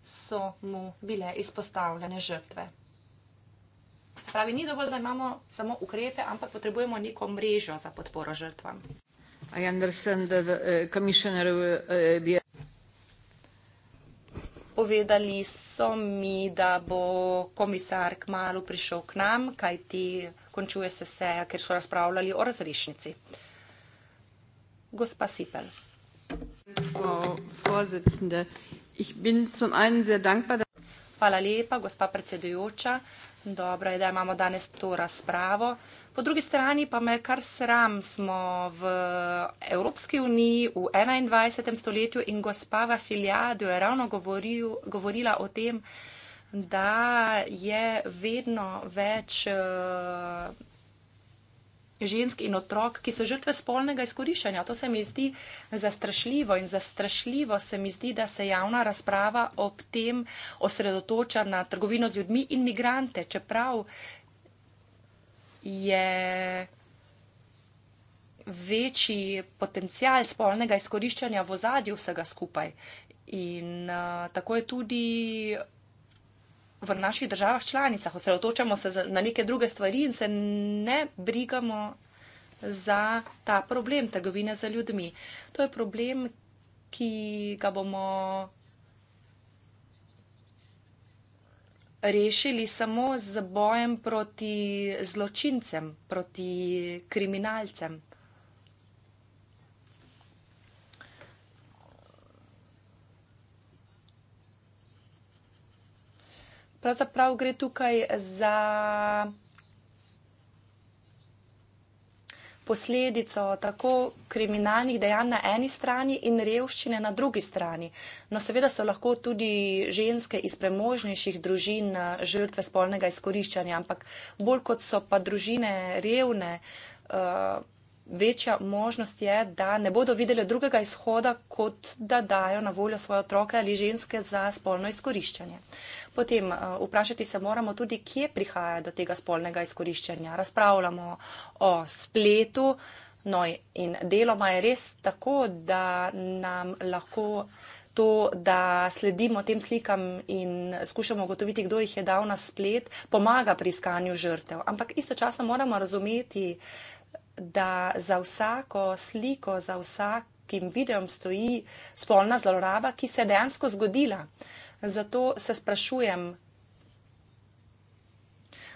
so mu bile izpostavljene žrtve. Se pravi, ni dovolj, da imamo samo ukrepe, ampak potrebujemo neko mrežo za podporo žrtvam. I understand that the uh, commissioner will uh, uh, be. Povedali so mi, da bo komisar kmalo prišel k nam, kaj ti končuje se seja, ker so razpravljali o razrešnici. Gospa Sipel. Hvala lepa, gospa predsedujoča. Dobro je, da imamo danes to razpravo. Po drugi strani pa me kar sram, smo v Evropski uniji v 21. stoletju in gospa Vasiljadu je ravno govoril, govorila o tem, da je vedno več eh, žensk in otrok, ki so žrtve spolnega izkoriščanja. To se mi zdi zastrašljivo in zastrašljivo se mi zdi, da se javna razprava ob tem osredotoča na trgovino z ljudmi in migrante, čeprav je večji potencial spolnega izkoriščanja v zadju vsega skupaj. In uh, tako je tudi v naših državah članicah. Osredotočamo se na neke druge stvari in se ne brigamo za ta problem trgovine za ljudmi. To je problem, ki ga bomo rešili samo z bojem proti zločincem, proti kriminalcem. Pravzaprav gre tukaj za. posledico tako kriminalnih dejanj na eni strani in revščine na drugi strani. No, seveda so lahko tudi ženske iz premožnejših družin eh, žrtve spolnega izkoriščanja, ampak bolj kot so pa družine revne, eh, večja možnost je, da ne bodo videli drugega izhoda, kot da dajo na voljo svoje otroke ali ženske za spolno izkoriščanje. Potem eh, vprašati se moramo tudi, kje prihaja do tega spolnega izkoriščanja. Razpravljamo o spletu. No in deloma je res tako, da nam lahko to, da sledimo tem slikam in skušamo ugotoviti, kdo jih je dal na splet, pomaga pri iskanju žrtev. Ampak istočasno moramo razumeti, da za vsako sliko, za vsakim videom stoji spolna zloraba, ki se je dejansko zgodila. Zato se sprašujem,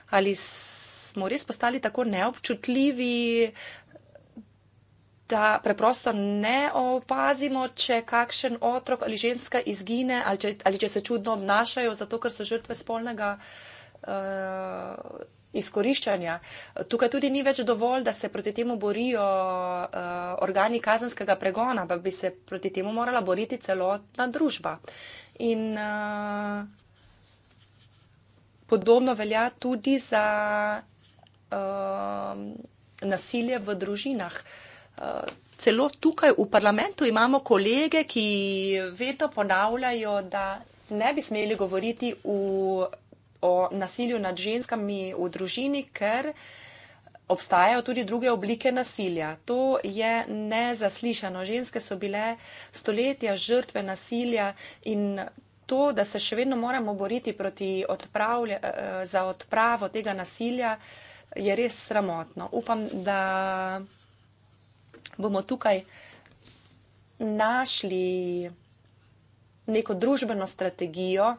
ali smo res postali tako neobčutljivi, da preprosto ne opazimo, če kakšen otrok ali ženska izgine ali če, ali če se čudno obnašajo, zato ker so žrtve spolnega. Uh, Izkoriščanja. Tukaj tudi ni več dovolj, da se proti temu borijo uh, organi kazenskega pregona, pa bi se proti temu morala boriti celotna družba. Uh, In uh, podobno velja tudi za uh, nasilje v družinah. Uh, celo tukaj v parlamentu imamo kolege, ki vedno ponavljajo, da ne bi smeli govoriti v, o nasilju nad ženskami v družini, ker uh, Obstajajo tudi druge oblike nasilja. To je nezaslišano. Ženske so bile stoletja žrtve nasilja in to, da se še vedno moramo boriti eh, eh, za odpravo tega nasilja, je res sramotno. Upam, da bomo tukaj našli neko družbeno strategijo,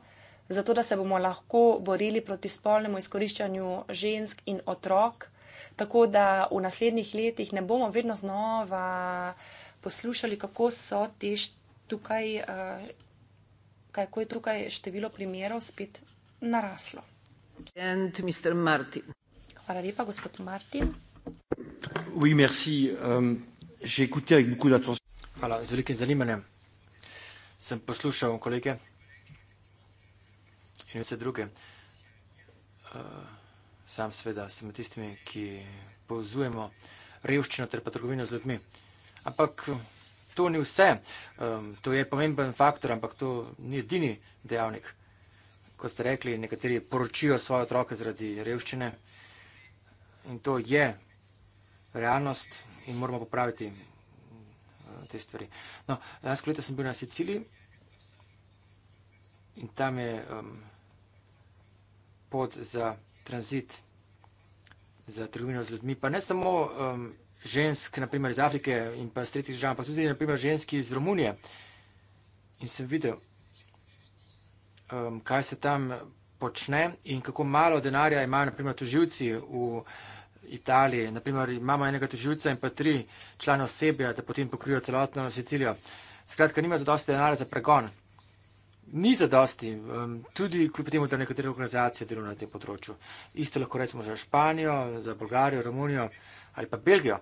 zato da se bomo lahko borili proti spolnemu izkoriščanju žensk in otrok. Tako da v naslednjih letih ne bomo vedno znova poslušali, kako so te tukaj, eh, kako je tukaj število primerov spet naraslo. And Mr. Martin. Hvala lepa, gospod Martin. Oui, merci. Euh, j'ai écouté avec beaucoup d'attention. Hvala, z velikim zanimanjem. Sem poslušal kolege in vse druge. Uh, sam seveda sem med tistimi, ki povzujemo revščino ter pa trgovino z ljudmi. Ampak eh, to ni vse, um, to je pomemben faktor, ampak to ni edini dejavnik. Ko ste rekli, nekateri poročijo svoje otroke zaradi revščine in to je realnost in moramo popraviti eh, te stvari. No, lansko leto sem bil na Siciliji in tam je um, ehm, pod za tranzit za trgovino z ljudmi, pa ne samo um, žensk, naprimer iz Afrike in pa iz tretjih držav, pa tudi naprimer ženski iz Romunije. In sem videl, um, kaj se tam počne in kako malo denarja imajo naprimer tuživci v Italiji. Naprimer imamo enega tuživca in pa tri člane osebja, da potem pokrijo celotno Sicilijo. Skratka, nima za dosti denarja za pregon ni zadosti, um, tudi kljub temu, da nekatere organizacije delajo na tem področju. Isto lahko rečemo za Španijo, za Bolgarijo, Romunijo ali pa Belgijo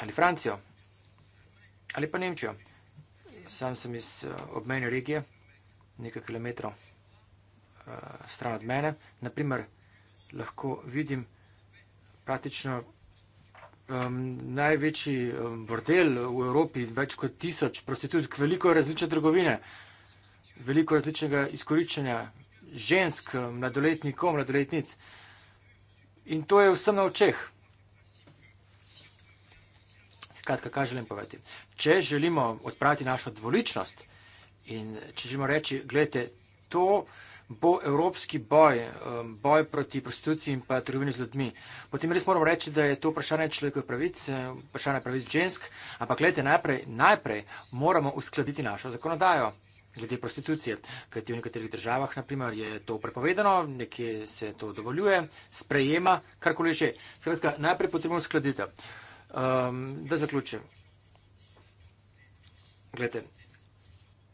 ali Francijo ali pa Nemčijo. Sam sem iz eh, obmejne regije, nekaj kilometrov uh, stran od mene. Naprimer, lahko vidim praktično um, največji bordel v Evropi, več kot tisoč prostitutk, veliko različne trgovine. Uh, veliko različnega izkoriščanja žensk, mladoletnikov, mladoletnic. In to je vsem na očeh. Skratka, kaj želim povedati? Če želimo odpraviti našo dvoličnost in če želimo reči, gledajte, to bo evropski boj, um, boj proti prostituciji in pa trgovini z ljudmi, potem res moramo reči, da je to vprašanje človekove pravice, eh, vprašanje pravic žensk, ampak gledajte, najprej, najprej moramo uskladiti našo zakonodajo glede prostitucije. Kajti v nekaterih državah, naprimer, je to prepovedano, nekje se to dovoljuje, sprejema, karkoli že. Skratka, najprej potrebujemo skladitev. Um, ehm, da zaključim. Glede,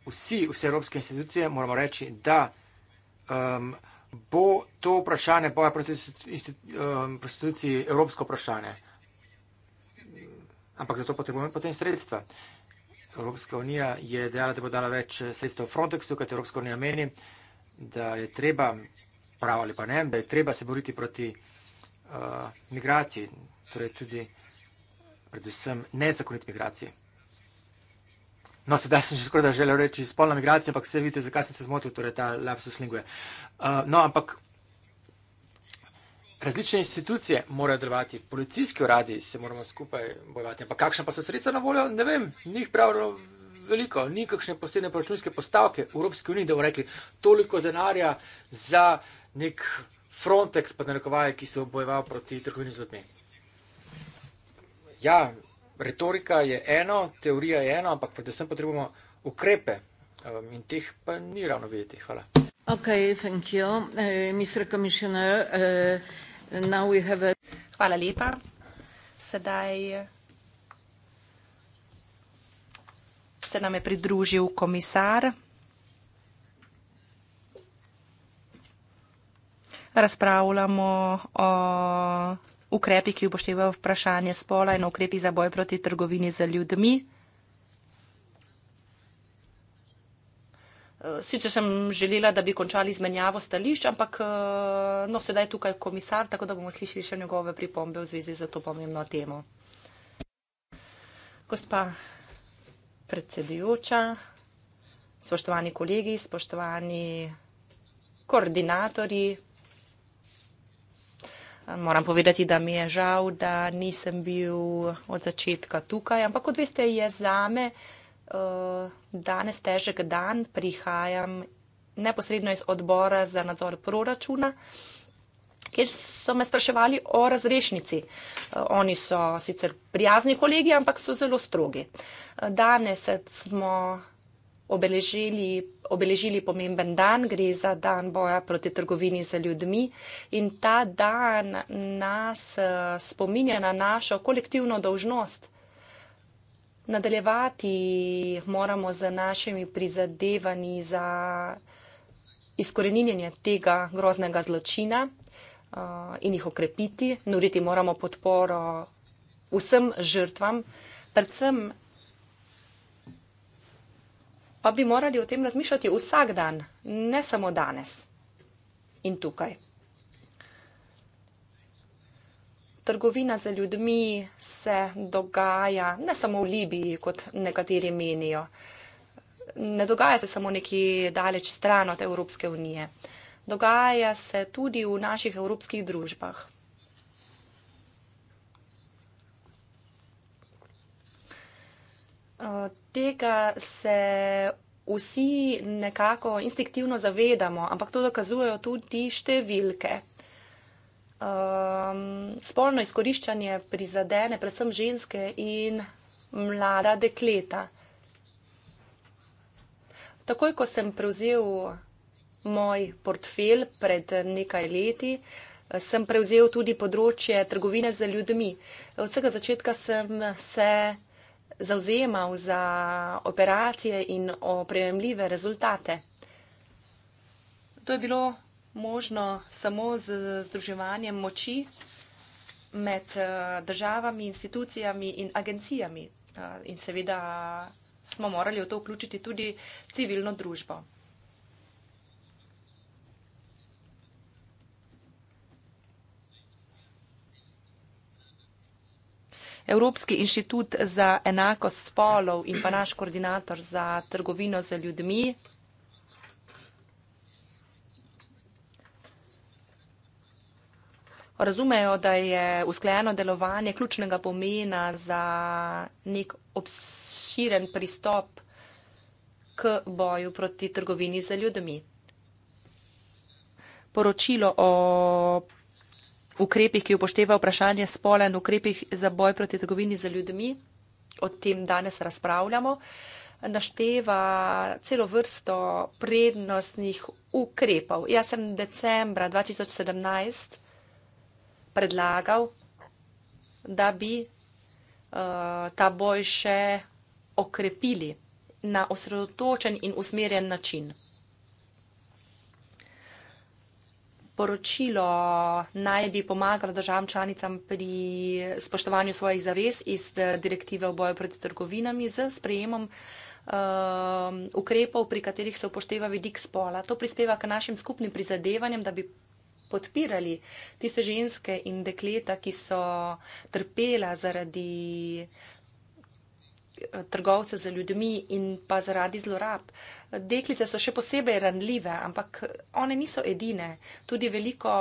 vsi, vse evropske institucije moramo reči, da um, bo to vprašanje boja proti um, prostituciji evropsko vprašanje. Ampak za to potrebujemo potem sredstva. Evropska unija je dejala, da bo dala več eh, sredstev Frontexu, kajti Evropska unija meni, da je treba, prav ali pa ne, da je treba se boriti proti uh, migraciji, torej tudi predvsem nezakonit migraciji. No, sedaj sem že skoraj da želel reči spolna migracija, ampak se vidite, zakaj sem se zmotil, torej ta lapsus lingue. Uh, eh, no, ampak Različne institucije morajo delovati, policijski uradi se moramo skupaj bojevati. Ampak kakšna pa so sredstva na voljo? Ne vem, ni jih pravno veliko, ni kakšne posebne proračunske postavke v Evropski uniji, da bomo rekli toliko denarja za nek Frontex, pa ne rekovaje, ki se bo bojeval proti trgovini z ljudmi. Ja, retorika je eno, teorija je eno, ampak predvsem potrebujemo ukrepe um, in teh pa ni ravno videti. Hvala. Okay, thank you, uh, Mr. Commissioner. Uh Hvala lepa. Sedaj se nam je pridružil komisar. Razpravljamo o ukrepih, ki upoštevajo vprašanje spola in ukrepih za boj proti trgovini za ljudmi. Eh, sicer sem želela, da bi končali izmenjavo stališč, ampak eh, no, sedaj je tukaj komisar, tako da bomo slišali še njegove pripombe v zvezi z to pomembno temo. Gospa predsedujoča, spoštovani kolegi, spoštovani koordinatorji. Eh, moram povedati, da mi je žal, da nisem bil od začetka tukaj, ampak kot veste, je zame. Eh, danes težek dan, prihajam neposredno iz odbora za nadzor proračuna, kjer so me spraševali o razrešnici. Eh, oni so sicer prijazni kolegi, ampak so zelo strogi. Eh, danes smo obeležili, obeležili pomemben dan, gre za dan boja proti trgovini za ljudmi in ta dan nas spominja na našo kolektivno dolžnost. Nadaljevati moramo z našimi prizadevanji za izkoreninjenje tega groznega zločina eh, in jih okrepiti. Nuriti moramo podporo vsem žrtvam, predvsem pa bi morali o tem razmišljati vsak dan, ne samo danes in tukaj. trgovina z ljudmi se dogaja ne samo v Libiji, kot nekateri menijo. Ne dogaja se samo neki daleč stran od Evropske unije. Dogaja se tudi v naših evropskih družbah. Eh, tega se vsi nekako instinktivno zavedamo, ampak to dokazujejo tudi številke um, spolno izkoriščanje prizadene predvsem ženske in mlada dekleta. Takoj, ko sem prevzel moj portfel pred nekaj leti, sem prevzel tudi področje trgovine z ljudmi. Od vsega začetka sem se zauzemal za operacije in opremljive rezultate. To je bilo možno samo z združevanjem moči med eh, državami, institucijami in agencijami. Eh, in seveda smo morali v to vključiti tudi civilno družbo. Evropski inštitut za enakost spolov in pa naš koordinator za trgovino z ljudmi, razumejo, da je usklajeno delovanje ključnega pomena za nek obširen pristop k boju proti trgovini z ljudmi. Poročilo o ukrepih, ki upošteva vprašanje spola in ukrepih za boj proti trgovini z ljudmi, o tem danes razpravljamo, našteva celo vrsto prednostnih ukrepov. Jaz sem decembra 2017 predlagal, da bi uh, ta boj še okrepili na osredotočen in usmerjen način. Poročilo naj bi pomagalo državam članicam pri spoštovanju svojih zavez iz eh, direktive o boju proti trgovinami z sprejemom um, ukrepov, pri katerih se upošteva vidik spola. To prispeva k našim skupnim prizadevanjem, da bi podpirali tiste ženske in dekleta, ki so trpela zaradi eh, trgovce z ljudmi in pa zaradi zlorab. Deklice so še posebej randljive, ampak one niso edine. Tudi veliko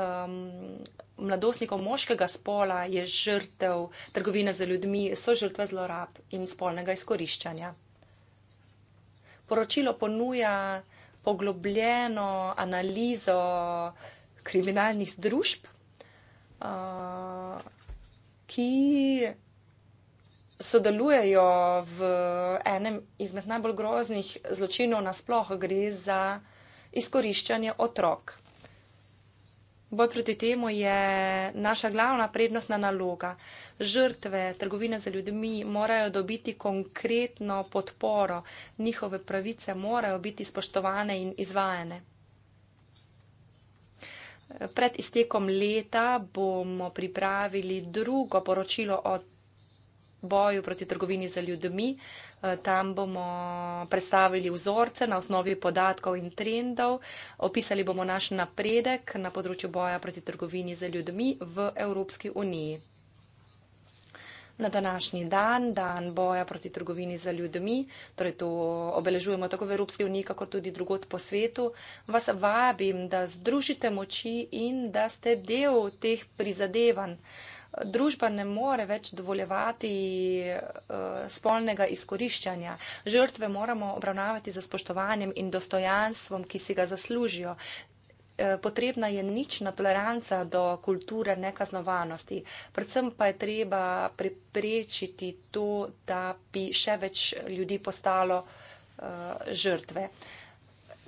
um, mladostnikov moškega spola je žrtev trgovine z ljudmi, so žrtve zlorab in spolnega izkoriščanja. Poročilo ponuja poglobljeno analizo kriminalnih združb, ki sodelujejo v enem izmed najbolj groznih zločinov nasploh, gre za izkoriščanje otrok. Boj proti temu je naša glavna prednostna naloga. Žrtve trgovine za ljudmi morajo dobiti konkretno podporo, njihove pravice morajo biti spoštovane in izvajene. Pred iztekom leta bomo pripravili drugo poročilo o boju proti trgovini za ljudmi. Eh, tam bomo predstavili vzorce na osnovi podatkov in trendov, opisali bomo naš napredek na področju boja proti trgovini za ljudmi v Evropski uniji. Na današnji dan, dan boja proti trgovini za ljudmi, torej to obeležujemo tako v Evropski uniji, kako tudi drugot po svetu, vas vabim, da združite moči in da ste del teh prizadevanj družba ne more več dovoljevati eh, spolnega izkoriščanja. Žrtve moramo obravnavati za spoštovanjem in dostojanstvom, ki si ga zaslužijo. Eh, potrebna je nična toleranca do kulture nekaznovanosti. Predvsem pa je treba preprečiti to, da bi še več ljudi postalo eh, žrtve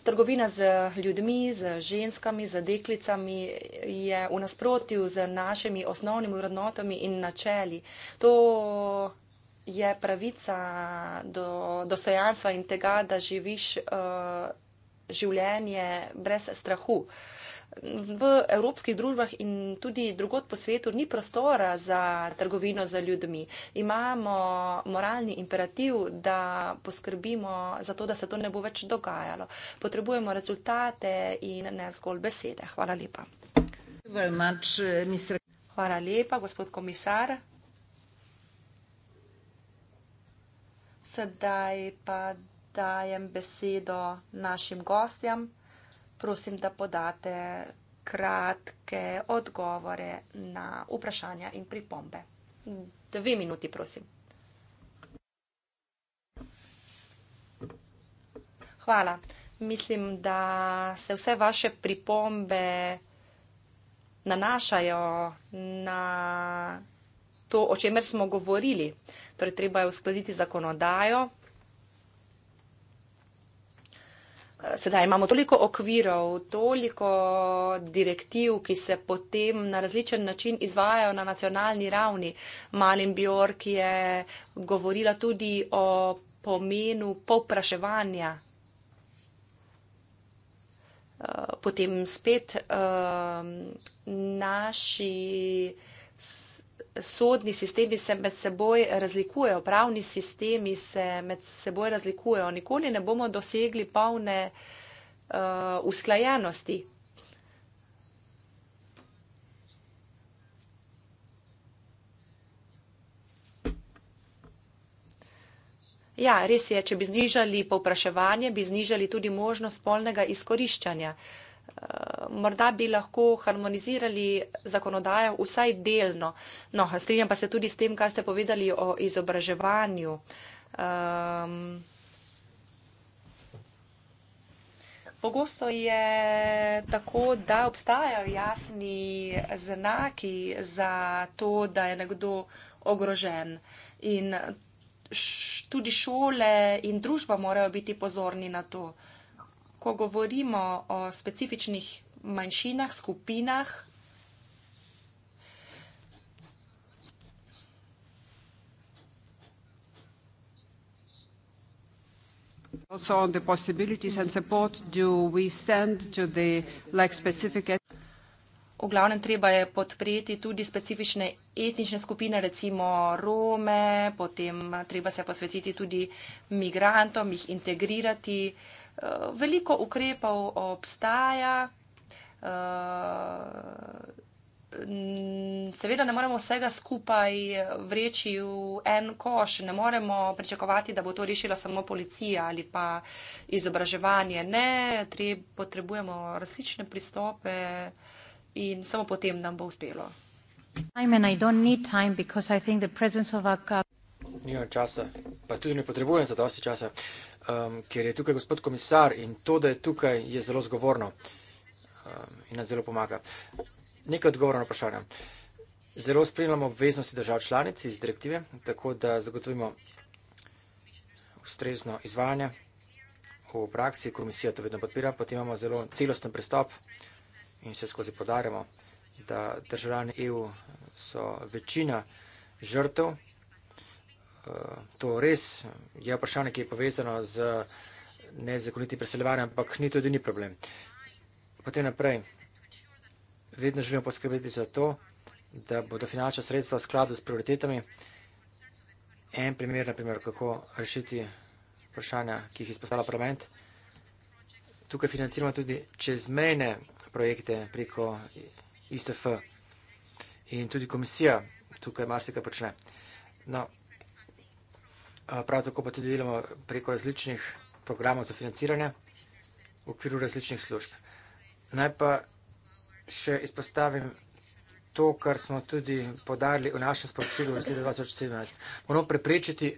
trgovina z ljudmi, z ženskami, z deklicami je v nasprotju z našimi osnovnimi vrednotami in načeli. To je pravica do dostojanstva in tega, da živiš uh, življenje brez strahu. Uh, v evropskih družbah in tudi drugot po svetu ni prostora za trgovino za ljudmi. Imamo moralni imperativ, da poskrbimo za to, da se to ne bo več dogajalo. Potrebujemo rezultate in ne zgolj besede. Hvala lepa. Hvala lepa, gospod komisar. Sedaj pa dajem besedo našim gostjam prosim, da podate kratke odgovore na vprašanja in pripombe. Dve minuti, prosim. Hvala. Mislim, da se vse vaše pripombe nanašajo na to, o čemer smo govorili. Torej, treba je uskladiti zakonodajo, Eh, sedaj imamo toliko okvirov, toliko direktiv, ki se potem na različen način izvajajo na nacionalni ravni. Malin Bjork je govorila tudi o pomenu povpraševanja. Eh, potem spet eh, naši sodni sistemi se med seboj razlikujejo, pravni sistemi se med seboj razlikujejo. Nikoli ne bomo dosegli polne uh, usklajenosti. Ja, res je, če bi znižali povpraševanje, bi znižali tudi možnost polnega izkoriščanja. Uh, Eh, morda bi lahko harmonizirali zakonodajo vsaj delno. No, strinjam pa se tudi s tem, kar ste povedali o izobraževanju. Um, pogosto je tako, da obstajajo jasni znaki za to, da je nekdo ogrožen. In š, tudi šole in družba morajo biti pozorni na to. Uh, ko govorimo o specifičnih manjšinah, skupinah, Also on the possibilities and support do we send to the like specific V glavnem treba je podpreti tudi specifične etnične skupine, recimo Rome, potem treba se posvetiti tudi migrantom, jih integrirati. Uh, Eh, veliko ukrepov obstaja. Eh, seveda ne moremo vsega skupaj vreči v en koš, ne moremo pričakovati, da bo to rešila samo policija ali pa izobraževanje. Ne, treb, potrebujemo različne pristope in samo potem nam bo uspelo. Nimam časa, pa tudi ne potrebujem za dosti časa. Uh, um, ker je tukaj gospod komisar in to, da je tukaj, je zelo zgovorno um, in nas zelo pomaga. Nekaj odgovorov na vprašanje. Zelo spremljamo obveznosti držav članic iz direktive, tako da zagotovimo ustrezno izvajanje v praksi, komisija to vedno podpira, potem imamo zelo celosten pristop in se skozi podarjamo, da državljani EU so večina žrtev Eh, to res je vprašanje, ki je povezano z nezakonitim preseljevanjem, ampak ni to edini problem. Potem naprej, vedno želimo poskrbeti za to, da bodo finančna sredstva v skladu s prioritetami. En primer, naprimer, kako rešiti vprašanja, ki jih izpostavlja parlament. Tukaj financiramo tudi čezmejne projekte preko ISF in tudi komisija tukaj marsikaj počne. No, prav tako pa tudi delamo preko različnih programov za financiranje v okviru različnih služb. Naj pa še izpostavim to, kar smo tudi podarili v našem sporočilu v sledi 2017. Moramo preprečiti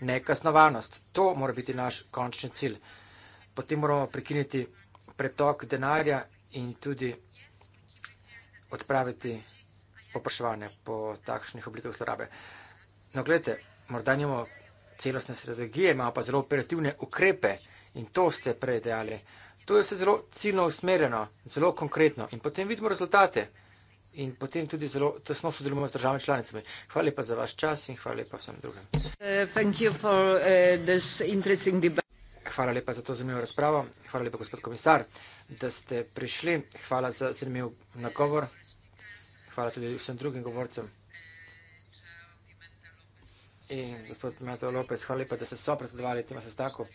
nekasnovanost. To mora biti naš končni cilj. Potem moramo prekiniti pretok denarja in tudi odpraviti popraševanje po takšnih oblikah zlorabe. No, gledajte, morda nimamo celostne strategije, ima pa zelo operativne ukrepe in to ste prej dejali. To je vse zelo ciljno usmerjeno, zelo konkretno in potem vidimo rezultate in potem tudi zelo tesno sodelujemo z državami članicami. Hvala lepa za vaš čas in hvala lepa vsem drugim. Uh, uh, hvala lepa za to zanimivo razpravo. Hvala lepa, gospod komisar, da ste prišli. Hvala za zanimiv nagovor. Hvala tudi vsem drugim govorcem in gospod Mato Lopez, hvala lepa, da ste so predsedovali temu sestanku.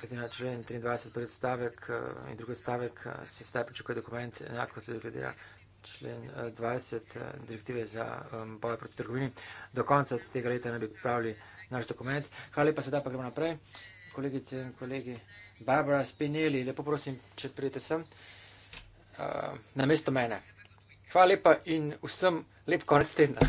Glede na člen 23 predstavek eh, in drugi stavek eh, se zdaj pričakuje dokument, enako tudi glede na člen 20 eh, direktive za um, boje proti trgovini. Do konca tega leta ne bi pripravili naš dokument. Hvala lepa, sedaj pa gremo naprej. Kolegice in kolegi, Barbara Spinelli, lepo prosim, če prijete sem, na mesto mene. Hvala lepa in vsem lep konec tedna.